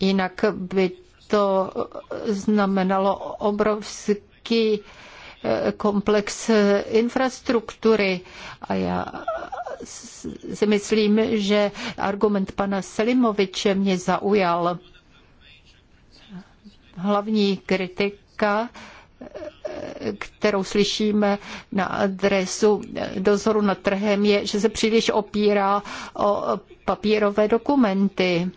Speaker 3: Jinak by to eh, znamenalo obrovský komplex infrastruktury a já si myslím, že argument pana Selimoviče mě zaujal. Hlavní kritika kterou slyšíme na adresu dozoru nad trhem, je, že se příliš opírá o papírové dokumenty.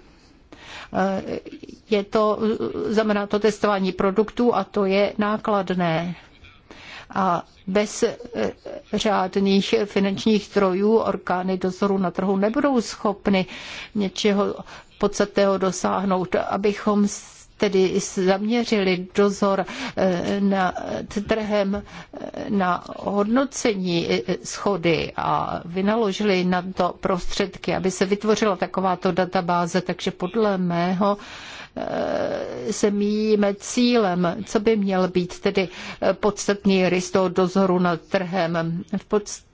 Speaker 3: Je to, znamená to testování produktů a to je nákladné a bez eh, řádných finančních zdrojů orgány dozoru na trhu nebudou schopny něčeho podstatného dosáhnout, abychom tedy zaměřili dozor eh, na trhem eh, na hodnocení eh, schody a vynaložili na to prostředky, aby se vytvořila takováto databáze, takže podle mého se míjíme cílem, co by měl být tedy podstatný rys toho dozoru nad trhem. V podstatě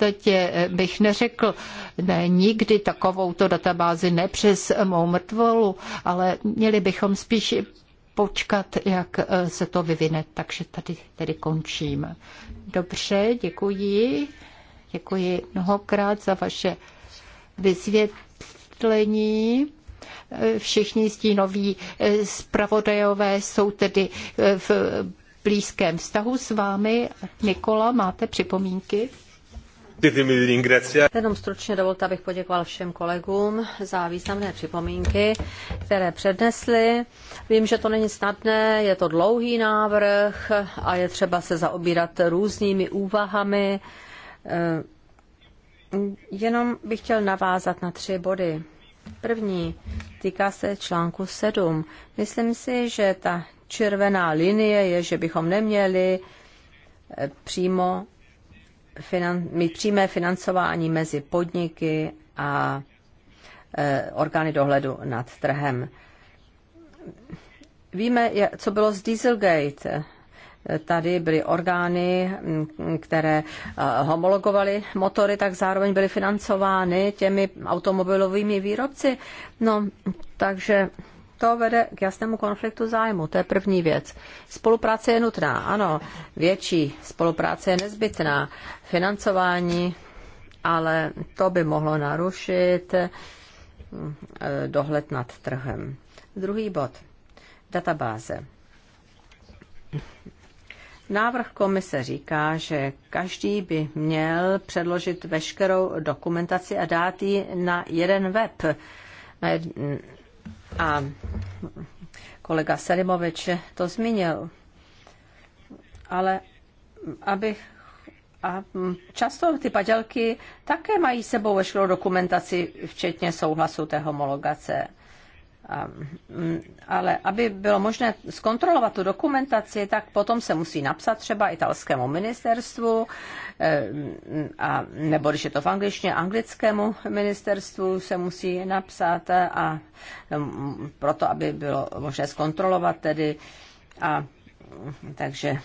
Speaker 3: podstatě eh, bych neřekl, ne, nikdy takovou to databázi ne přes mou mrtvolu, ale měli bychom spíš počkat, jak eh, se to vyvine. Takže tady, tady končím. Dobře, děkuji. Děkuji mnohokrát za vaše vysvětlení. Eh, všichni stínoví zpravodajové jsou tedy v blízkém vztahu s vámi. Nikola, máte připomínky? Jenom stručně dovolte, abych poděkoval všem kolegům
Speaker 2: za významné připomínky, které přednesli. Vím, že to není snadné, je to dlouhý návrh a je třeba se zaobírat různými úvahami. Eh, jenom bych chtěl navázat na tři body. První týká se článku 7. Myslím si, že ta červená linie je, že bychom neměli eh, přímo finan- mít přímé financování mezi podniky a e, orgány dohledu nad trhem. Víme, co bylo z Dieselgate. Tady byly orgány, které e, homologovaly motory, tak zároveň byly financovány těmi automobilovými výrobci. No, takže to vede k jasnému konfliktu zájmu. To je první věc. Spolupráce je nutná, ano, větší spolupráce je nezbytná. Financování, ale to by mohlo narušit eh, dohled nad trhem. Druhý bod. Databáze. Návrh komise říká, že každý by měl předložit veškerou dokumentaci a dát ji na jeden web, a kolega Selimovič to zmínil. Ale abych a často ty padělky také mají sebou veškerou dokumentaci, včetně souhlasu té homologace. Mm, ale aby bylo možné zkontrolovat tu dokumentaci, tak potom se musí napsat třeba italskému ministerstvu, eh, a, nebo když je to v angličtině, anglickému ministerstvu se musí napsat eh, a mm, proto, aby bylo možné zkontrolovat tedy a mm, takže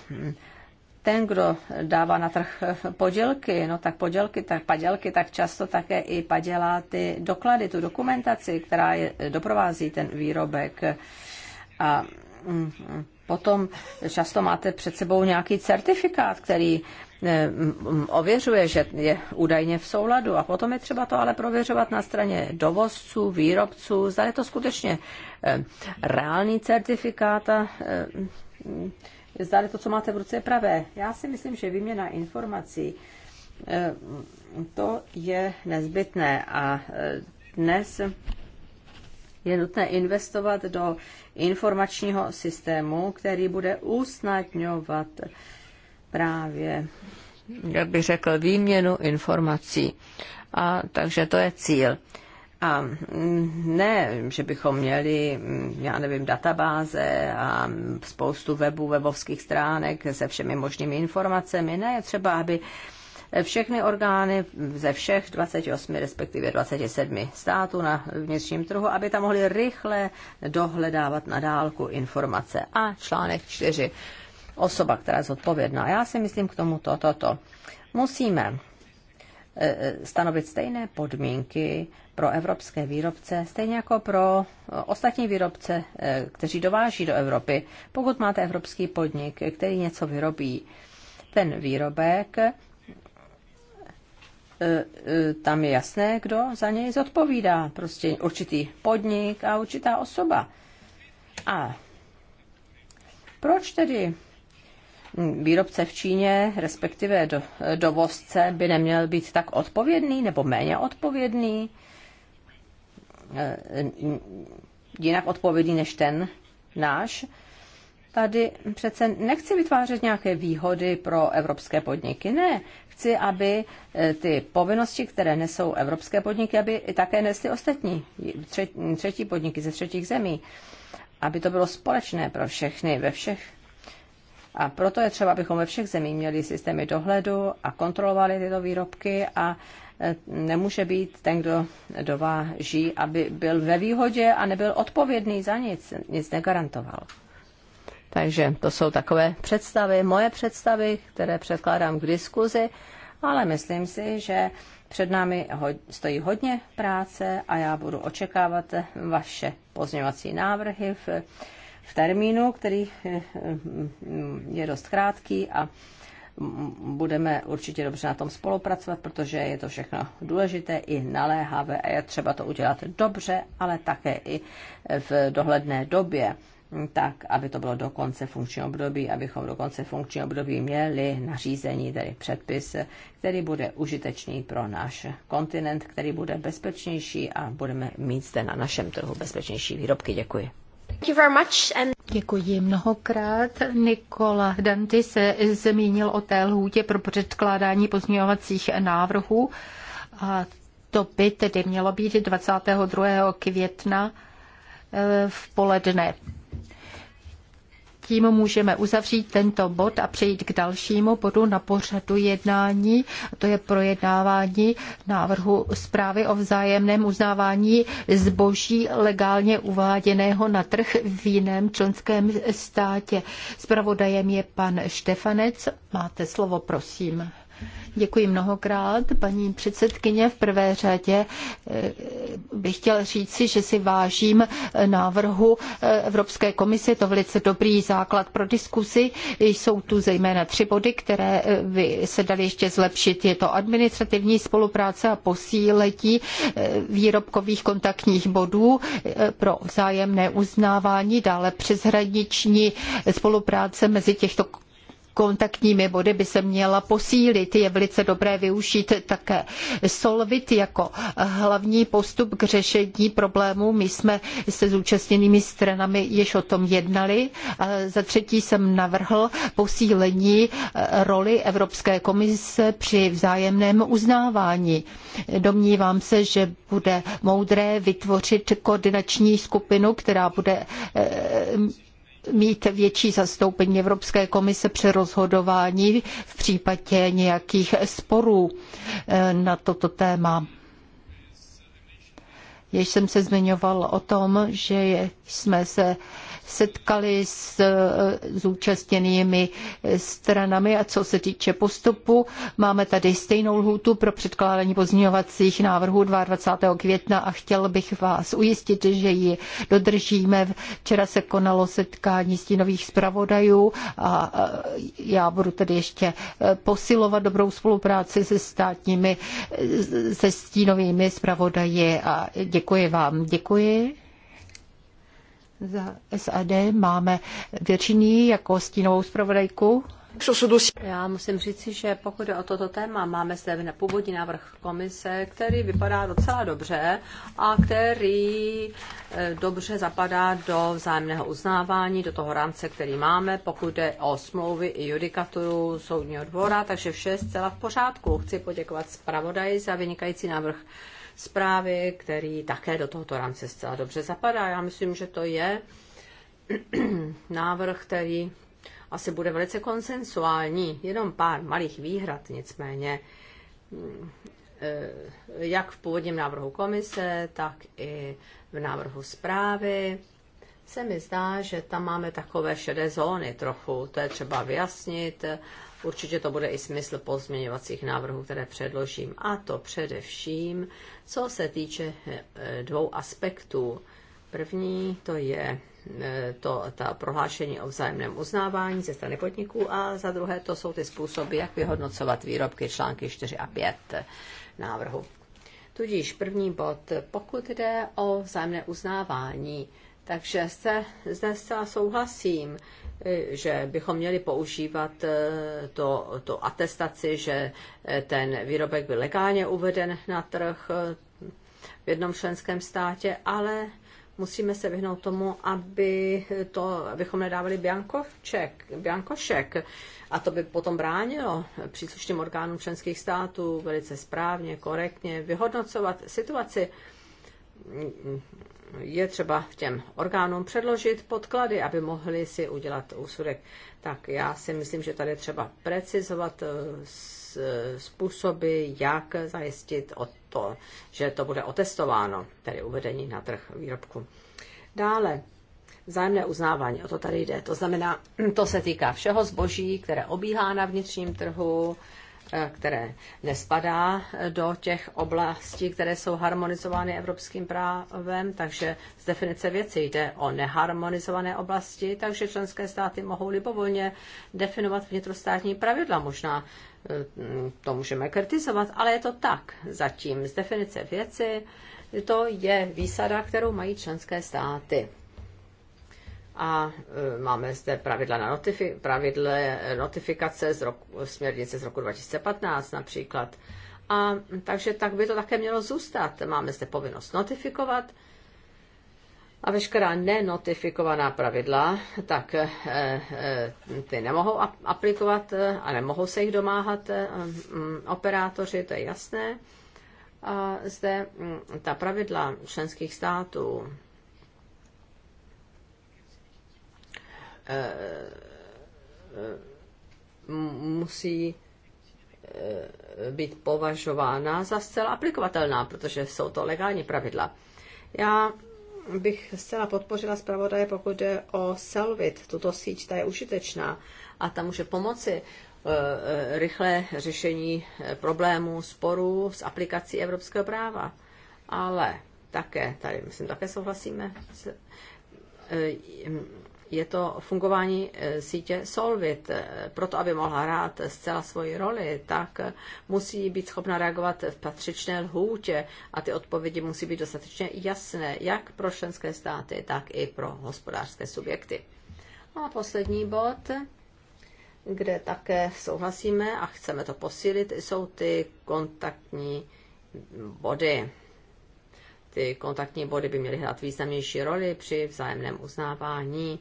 Speaker 2: ten, kdo dává na trh podělky, no tak podělky, tak padělky, tak často také i padělá ty doklady, tu dokumentaci, která je, doprovází ten výrobek. A mm, potom často máte před sebou nějaký certifikát, který eh, mm, ověřuje, že je údajně v souladu a potom je třeba to ale prověřovat na straně dovozců, výrobců, zda je to skutečně eh, reálný certifikát a eh, mm, zdali to, co máte v ruce, je pravé. Já si myslím, že výměna informací eh, to je nezbytné a eh, dnes je nutné investovat do informačního systému, který bude usnadňovat právě, jak bych řekl, výměnu informací. A takže to je cíl. A ne, že bychom měli, já nevím, databáze a spoustu webů, webovských stránek se všemi možnými informacemi. Ne, třeba, aby všechny orgány ze všech 28, respektive 27 států na vnitřním trhu, aby tam mohli rychle dohledávat na dálku informace. A článek 4. Osoba, která je zodpovědná. Já si myslím k tomu toto. To, to. Musíme E, e, stanovit stejné podmínky pro evropské výrobce, stejně jako pro e, ostatní výrobce, kteří dováží do Evropy. Pokud máte evropský podnik, který něco vyrobí, ten výrobek, tam je jasné, kdo za něj zodpovídá. Prostě určitý podnik a určitá osoba. A proč tedy výrobce v Číně, respektive do, dovozce, by neměl být tak odpovědný nebo méně odpovědný, eh, jinak odpovědný než ten náš. Tady přece nechci vytvářet nějaké výhody pro evropské podniky. Ne, chci, aby eh, ty povinnosti, které nesou evropské podniky, aby i také nesly ostatní třetí podniky ze třetích zemí aby to bylo společné pro všechny ve všech a proto je třeba, abychom ve všech zemích měli systémy dohledu a kontrolovali tyto výrobky a e, nemůže být ten, kdo dováží, aby byl ve výhodě a nebyl odpovědný za nic, nic negarantoval. Takže to jsou takové představy, moje představy, které předkládám k diskuzi, ale myslím si, že před námi stojí hodně práce a já budu očekávat vaše pozměňovací návrhy v v termínu, který eh, eh, je dost krátký a budeme určitě dobře na tom spolupracovat, protože je to všechno důležité i naléhavé a je třeba to udělat dobře, ale také i v dohledné době tak, aby to bylo do konce funkčního období, abychom do konce funkčního období měli nařízení, tedy předpis, který bude užitečný pro náš kontinent, který bude bezpečnější a budeme mít zde na našem trhu bezpečnější výrobky. Děkuji.
Speaker 3: Děkuji mnohokrát. Nikola Danty se zmínil o té lhůtě pro předkládání pozměňovacích návrhů. A to by tedy mělo být 22. května eh, v poledne tím můžeme uzavřít tento bod a přejít k dalšímu bodu na pořadu jednání. to je projednávání návrhu zprávy o vzájemném uznávání zboží legálně uváděného na trh v jiném členském státě. Zpravodajem je pan Štefanec. Máte slovo, prosím. Děkuji mnohokrát, paní předsedkyně. V prvé řadě eh, bych chtěl říci, že si vážím eh, návrhu eh, Evropské komise. Je to velice dobrý základ pro diskusi. Jsou tu zejména tři body, které by se daly ještě zlepšit. Je to administrativní spolupráce a posíletí výrobkových kontaktních bodů pro vzájemné uznávání, dále přeshraniční spolupráce mezi těchto kontaktními body by se měla posílit. Je velice dobré využít také Solvit jako hlavní postup k řešení problémů. My jsme se zúčastněnými stranami již o tom jednali. A za třetí jsem navrhl posílení roli Evropské komise při vzájemném uznávání. Domnívám se, že bude moudré vytvořit koordinační skupinu, která bude eh, mít větší zastoupení Evropské komise při rozhodování v případě nějakých sporů eh, na toto téma. Jež jsem se zmiňoval o tom, že jsme se setkali s eh, zúčastněnými stranami a co se týče postupu, máme tady stejnou lhůtu pro předkládání pozměňovacích návrhů 22. května a chtěl bych vás ujistit, že ji dodržíme. Včera se konalo setkání stínových zpravodajů a eh, já budu tedy ještě eh, posilovat dobrou spolupráci se státními, se stínovými zpravodaji a děkuji Děkuji vám. Děkuji. Za SAD máme většiní jako stínovou zpravodajku. Já musím říci, že pokud je o toto
Speaker 2: téma, máme zde na původní návrh komise, který vypadá docela dobře a který eh, dobře zapadá do vzájemného uznávání, do toho rámce, který máme, pokud jde o smlouvy i judikaturu soudního dvora, takže vše je zcela v pořádku. Chci poděkovat zpravodaji za vynikající návrh zprávy, který také do tohoto rámce zcela dobře zapadá. Já myslím, že to je návrh, který asi bude velice konsensuální, jenom pár malých výhrad nicméně, eh, jak v původním návrhu komise, tak i v návrhu zprávy. Se mi zdá, že tam máme takové šedé zóny trochu, to je třeba vyjasnit Určitě to bude i smysl pozměňovacích návrhů, které předložím. A to především, co se týče eh, dvou aspektů. První to je eh, to, ta prohlášení o vzájemném uznávání ze strany podniků a za druhé to jsou ty způsoby, jak vyhodnocovat výrobky články 4 a 5 návrhu. Tudíž první bod, pokud jde o vzájemné uznávání, takže se, zde zcela souhlasím, eh, že bychom měli používat eh, to, to atestaci, že eh, ten výrobek byl legálně uveden na trh v jednom členském státě, ale musíme se vyhnout tomu, aby to, abychom nedávali biankošek. A to by potom bránilo příslušným orgánům členských států velice správně, korektně vyhodnocovat situaci je třeba těm orgánům předložit podklady, aby mohli si udělat úsudek. Tak já si myslím, že tady třeba precizovat eh, eh, způsoby, jak zajistit o to, že to bude otestováno, tedy uvedení na trh výrobku. Dále, vzájemné uznávání, o to tady jde. To znamená, to se týká všeho zboží, které obíhá na vnitřním trhu, Eh, které nespadá eh, do těch oblastí, které jsou harmonizovány evropským právem, takže z definice věci jde o neharmonizované oblasti, takže členské státy mohou libovolně definovat vnitrostátní pravidla. Možná eh, to můžeme kritizovat, ale je to tak. Zatím z definice věci to je výsada, kterou mají členské státy a e, máme zde pravidla na notifi- pravidle notifikace z roku, směrnice z roku 2015 například. A takže tak by to také mělo zůstat. Máme zde povinnost notifikovat a veškerá nenotifikovaná pravidla, tak e, e, ty nemohou aplikovat a nemohou se jich domáhat operátoři, to je jasné. A zde ta pravidla členských států Eh, musí eh, být považována za zcela aplikovatelná, protože jsou to legální pravidla. Já bych zcela podpořila zpravodaje, pokud jde o Selvit. Tuto síť, ta je užitečná a ta může pomoci eh, rychlé řešení problémů, sporů s aplikací evropského práva. Ale také, tady myslím, také souhlasíme, je to fungování eh, sítě Solvit. Eh, proto, aby mohla hrát zcela svoji roli, tak eh, musí být schopna reagovat v patřičné lhůtě a ty odpovědi musí být dostatečně jasné, jak pro členské státy, tak i pro hospodářské subjekty. A poslední bod, kde také souhlasíme a chceme to posílit, jsou ty kontaktní body ty kontaktní body by měly hrát významnější roli při vzájemném uznávání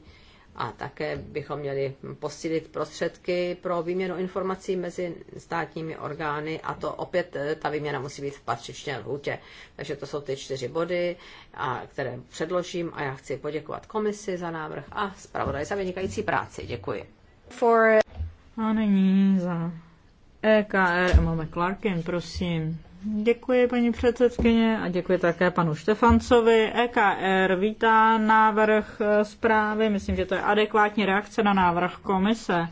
Speaker 2: a také bychom měli posílit prostředky pro výměnu informací mezi státními orgány a to opět eh, ta výměna musí být v patřičné lhůtě. Takže to jsou ty čtyři body, a, které předložím a já chci poděkovat komisi za návrh a zpravodaj za vynikající práci. Děkuji.
Speaker 1: For... A nyní za EKR máme Clarkin, prosím. Děkuji paní předsedkyně a děkuji také panu Štefancovi. EKR vítá návrh e, zprávy, myslím, že to je adekvátní reakce na návrh komise.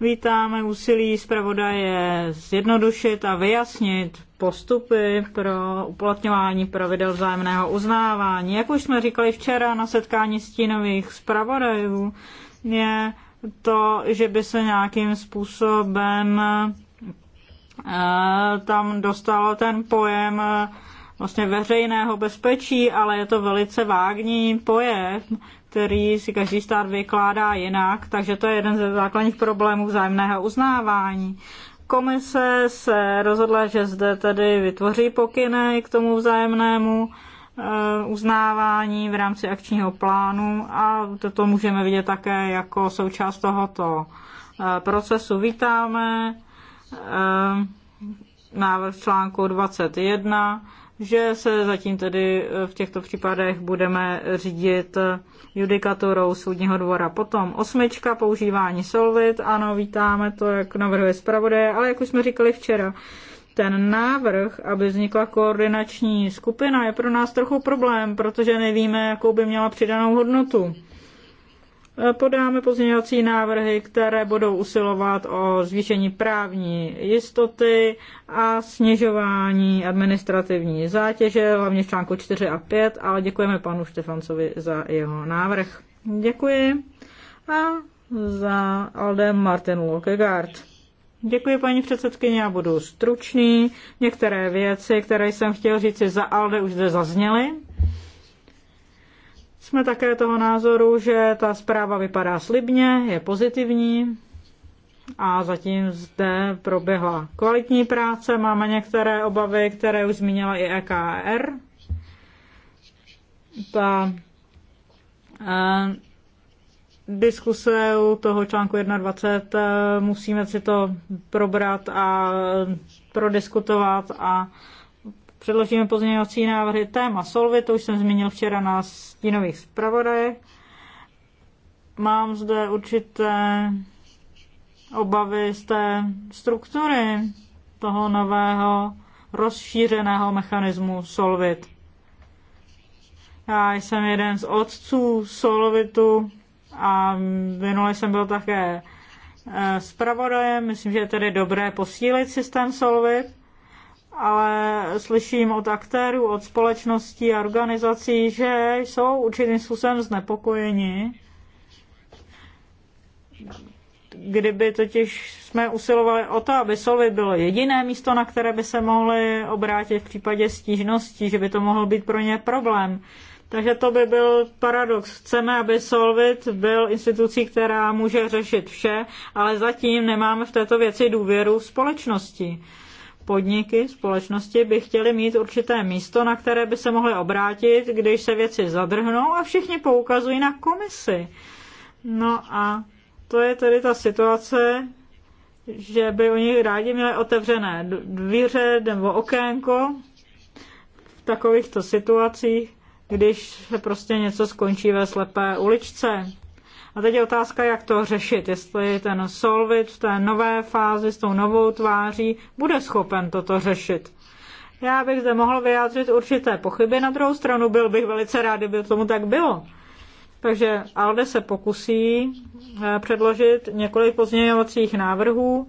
Speaker 1: Vítáme úsilí zpravodaje zjednodušit a vyjasnit postupy pro uplatňování pravidel vzájemného uznávání. Jak už jsme říkali včera na setkání stínových zpravodajů, je to, že by se nějakým způsobem Eh, tam dostal ten pojem eh, vlastně veřejného bezpečí, ale je to velice vágní pojem, který si každý stát vykládá jinak, takže to je jeden ze základních problémů vzájemného uznávání. Komise se rozhodla, že zde tedy vytvoří pokyny k tomu vzájemnému eh, uznávání v rámci akčního plánu a toto můžeme vidět také jako součást tohoto procesu. Vítáme Eh, návrh článku 21, že se zatím tedy eh, v těchto případech budeme řídit judikaturou soudního dvora. Potom osmička, používání solvit, ano, vítáme to, jak navrhuje zpravodaje, ale jak už jsme říkali včera, ten návrh, aby vznikla koordinační skupina, je pro nás trochu problém, protože nevíme, jakou by měla přidanou hodnotu podáme pozměňovací návrhy, které budou usilovat o zvýšení právní jistoty a snižování administrativní zátěže, hlavně v článku 4 a 5, ale děkujeme panu Štefancovi za jeho návrh. Děkuji. A za Aldem Martin Lokegaard. Děkuji, paní předsedkyně, já budu stručný. Některé věci, které jsem chtěl říci za Alde, už zde zazněly jsme také toho názoru, že ta zpráva vypadá slibně, je pozitivní a zatím zde proběhla kvalitní práce. Máme některé obavy, které už zmínila i EKR. Ta eh, diskuse u toho článku 21 eh, musíme si to probrat a eh, prodiskutovat a eh, Předložíme pozměňovací návrhy téma Solvit, to už jsem zmínil včera na stínových zpravodajech. Mám zde určité obavy z té struktury toho nového rozšířeného mechanismu Solvit. Já jsem jeden z otců Solvitu a minule jsem byl také eh, zpravodajem. Myslím, že je tedy dobré posílit systém Solvit ale slyším od aktérů, od společností a organizací, že jsou určitým způsobem znepokojeni. Kdyby totiž jsme usilovali o to, aby Solvit bylo jediné místo, na které by se mohli obrátit v případě stížností, že by to mohl být pro ně problém. Takže to by byl paradox. Chceme, aby Solvit byl institucí, která může řešit vše, ale zatím nemáme v této věci důvěru v společnosti. společnosti podniky, společnosti by chtěly mít určité místo, na které by se mohly obrátit, když se věci zadrhnou a všichni poukazují na komisy. No a to je tedy ta situace, že by oni rádi měli otevřené dvíře nebo okénko v takovýchto situacích, když se prostě něco skončí ve slepé uličce. A teď je otázka, jak to řešit, jestli ten Solvit v té nové fázi s tou novou tváří bude schopen toto řešit. Já bych zde mohl vyjádřit určité pochyby, na druhou stranu byl bych velice rád, kdyby tomu tak bylo. Takže ALDE se pokusí eh, předložit několik pozměňovacích návrhů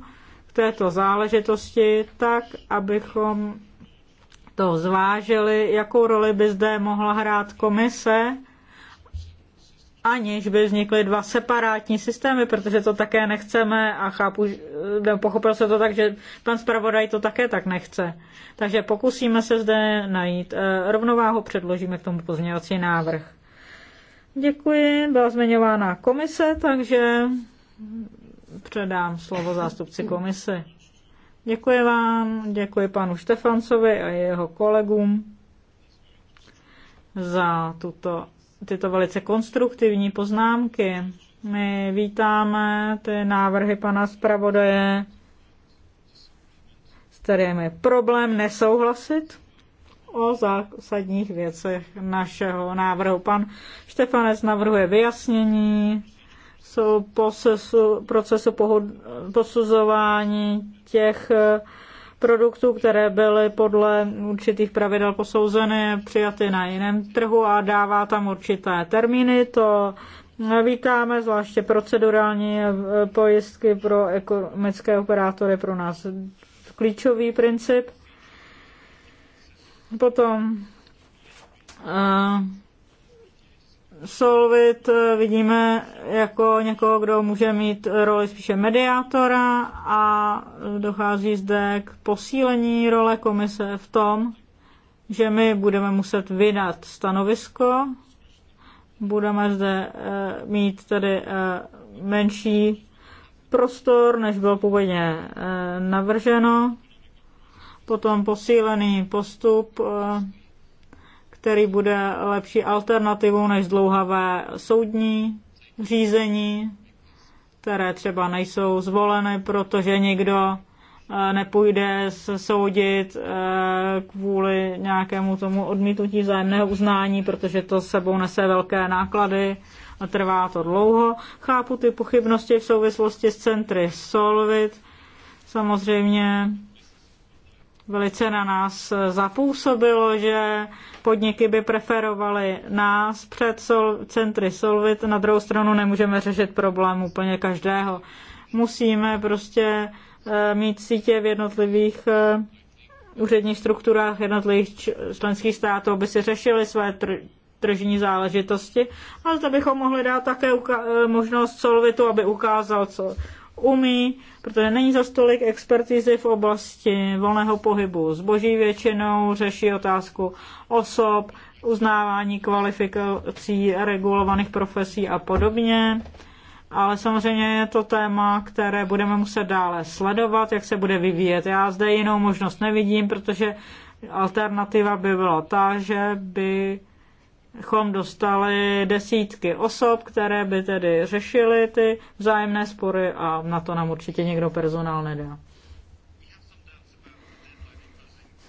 Speaker 1: k této záležitosti, tak abychom to zvážili, jakou roli by zde mohla hrát komise aniž by vznikly dva separátní systémy, protože to také nechceme a chápu, pochopil se to tak, že pan zpravodaj to také tak nechce. Takže pokusíme se zde najít eh, rovnováhu, předložíme k tomu pozměňovací návrh. Děkuji, byla zmiňována komise, takže předám slovo zástupci komise. Děkuji vám, děkuji panu Štefancovi a jeho kolegům za tuto tyto velice konstruktivní poznámky. My vítáme ty návrhy pana zpravodaje, s kterými je problém nesouhlasit o zásadních věcech našeho návrhu. Pan Štefanec navrhuje vyjasnění procesu, procesu posuzování těch eh, produktů, které byly podle určitých pravidel posouzeny, přijaty na jiném trhu a dává tam určité termíny. To vítáme, zvláště procedurální eh, pojistky pro ekonomické operátory pro nás klíčový princip. Potom eh, Solvit eh, vidíme jako někoho, kdo může mít roli spíše mediátora a dochází zde k posílení role komise v tom, že my budeme muset vydat stanovisko, budeme zde eh, mít tedy eh, menší prostor, než bylo původně navrženo, potom posílený postup který bude lepší alternativou než dlouhavé soudní řízení, které třeba nejsou zvoleny, protože někdo eh, nepůjde se soudit eh, kvůli nějakému tomu odmítnutí zájemného uznání, protože to sebou nese velké náklady a trvá to dlouho. Chápu ty pochybnosti v souvislosti s centry Solvit. Samozřejmě velice na nás zapůsobilo, že podniky by preferovaly nás před sol- centry Solvit. Na druhou stranu nemůžeme řešit problém úplně každého. Musíme prostě eh, mít sítě v jednotlivých eh, úředních strukturách jednotlivých členských států, aby si řešili své tr- tržní záležitosti. A zde bychom mohli dát také eh, možnost Solvitu, aby ukázal, co umí, protože není za stolik expertizy v oblasti volného pohybu. Zboží většinou řeší otázku osob, uznávání kvalifikací, regulovaných profesí a podobně. Ale samozřejmě je to téma, které budeme muset dále sledovat, jak se bude vyvíjet. Já zde jinou možnost nevidím, protože alternativa by byla ta, že by chom dostali desítky osob, které by tedy řešily ty vzájemné spory a na to nám určitě někdo personál nedá.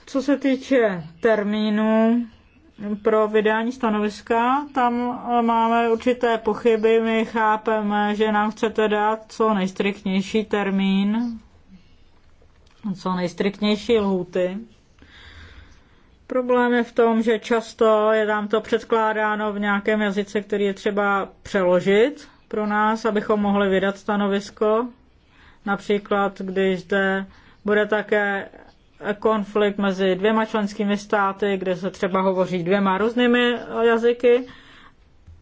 Speaker 1: Co se týče termínu pro vydání stanoviska, tam máme určité pochyby. My chápeme, že nám chcete dát co nejstriktnější termín, co nejstriktnější lhuty. Problém je v tom, že často je nám to předkládáno v nějakém jazyce, který je třeba přeložit pro nás, abychom mohli vydat stanovisko. Například, když zde bude také konflikt mezi dvěma členskými státy, kde se třeba hovoří dvěma různými jazyky.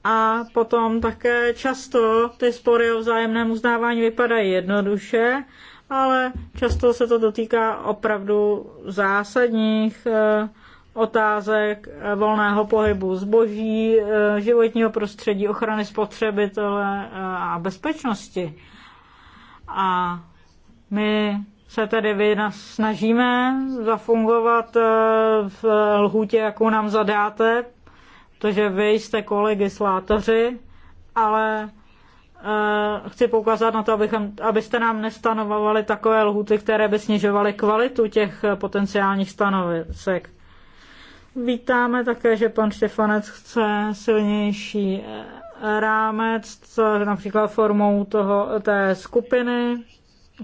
Speaker 1: A potom také často ty spory o vzájemném uznávání vypadají jednoduše, ale často se to dotýká opravdu zásadních eh, otázek eh, volného pohybu zboží, eh, životního prostředí, ochrany spotřebitele eh, a bezpečnosti. A my se tedy snažíme zafungovat v lhůtě, jakou nám zadáte, protože vy jste kolegislátoři, ale chci poukázat na to, abychom, abyste nám nestanovovali takové lhuty, které by snižovaly kvalitu těch potenciálních stanovisek. Vítáme také, že pan Štefanec chce silnější eh, rámec, co například formou toho, té skupiny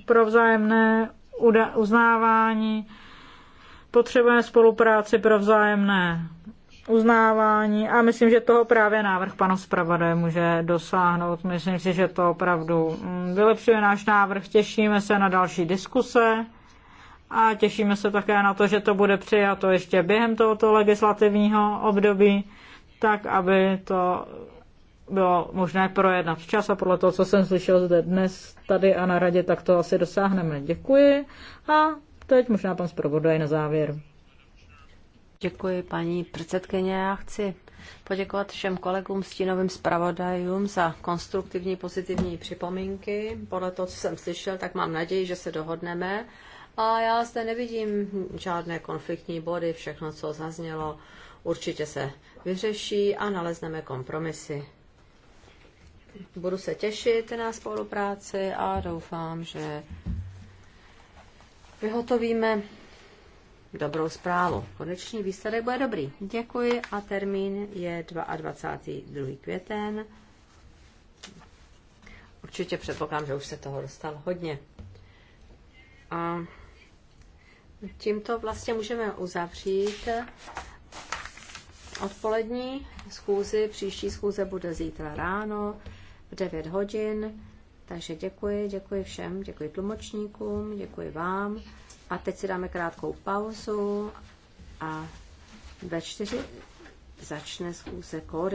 Speaker 1: pro vzájemné uznávání. Potřebujeme spolupráci pro vzájemné uznávání a myslím, že toho právě návrh pana zpravodaje může dosáhnout. Myslím si, že to opravdu mm, vylepšuje náš návrh. Těšíme se na další diskuse a těšíme se také na to, že to bude přijato ještě během tohoto legislativního období, tak aby to bylo možné projednat včas a podle toho, co jsem slyšel zde dnes tady a na radě, tak to asi dosáhneme. Děkuji a teď možná pan zpravodaj na závěr. Děkuji, paní předsedkyně. Já chci
Speaker 2: poděkovat všem kolegům, stínovým zpravodajům za konstruktivní pozitivní připomínky. Podle toho, co jsem slyšel, tak mám naději, že se dohodneme a já zde nevidím žádné konfliktní body, všechno, co zaznělo, určitě se vyřeší a nalezneme kompromisy. Budu se těšit na spolupráci a doufám, že vyhotovíme dobrou zprávu. Konečný výsledek bude dobrý. Děkuji a termín je 22. květen. Určitě předpokládám, že už se toho dostal hodně. A Tímto vlastně můžeme uzavřít odpolední schůzi. Příští schůze bude zítra ráno v 9 hodin. Takže děkuji, děkuji všem, děkuji tlumočníkům, děkuji vám. A teď si dáme
Speaker 3: krátkou pauzu a ve čtyři začne schůze koordinátorů.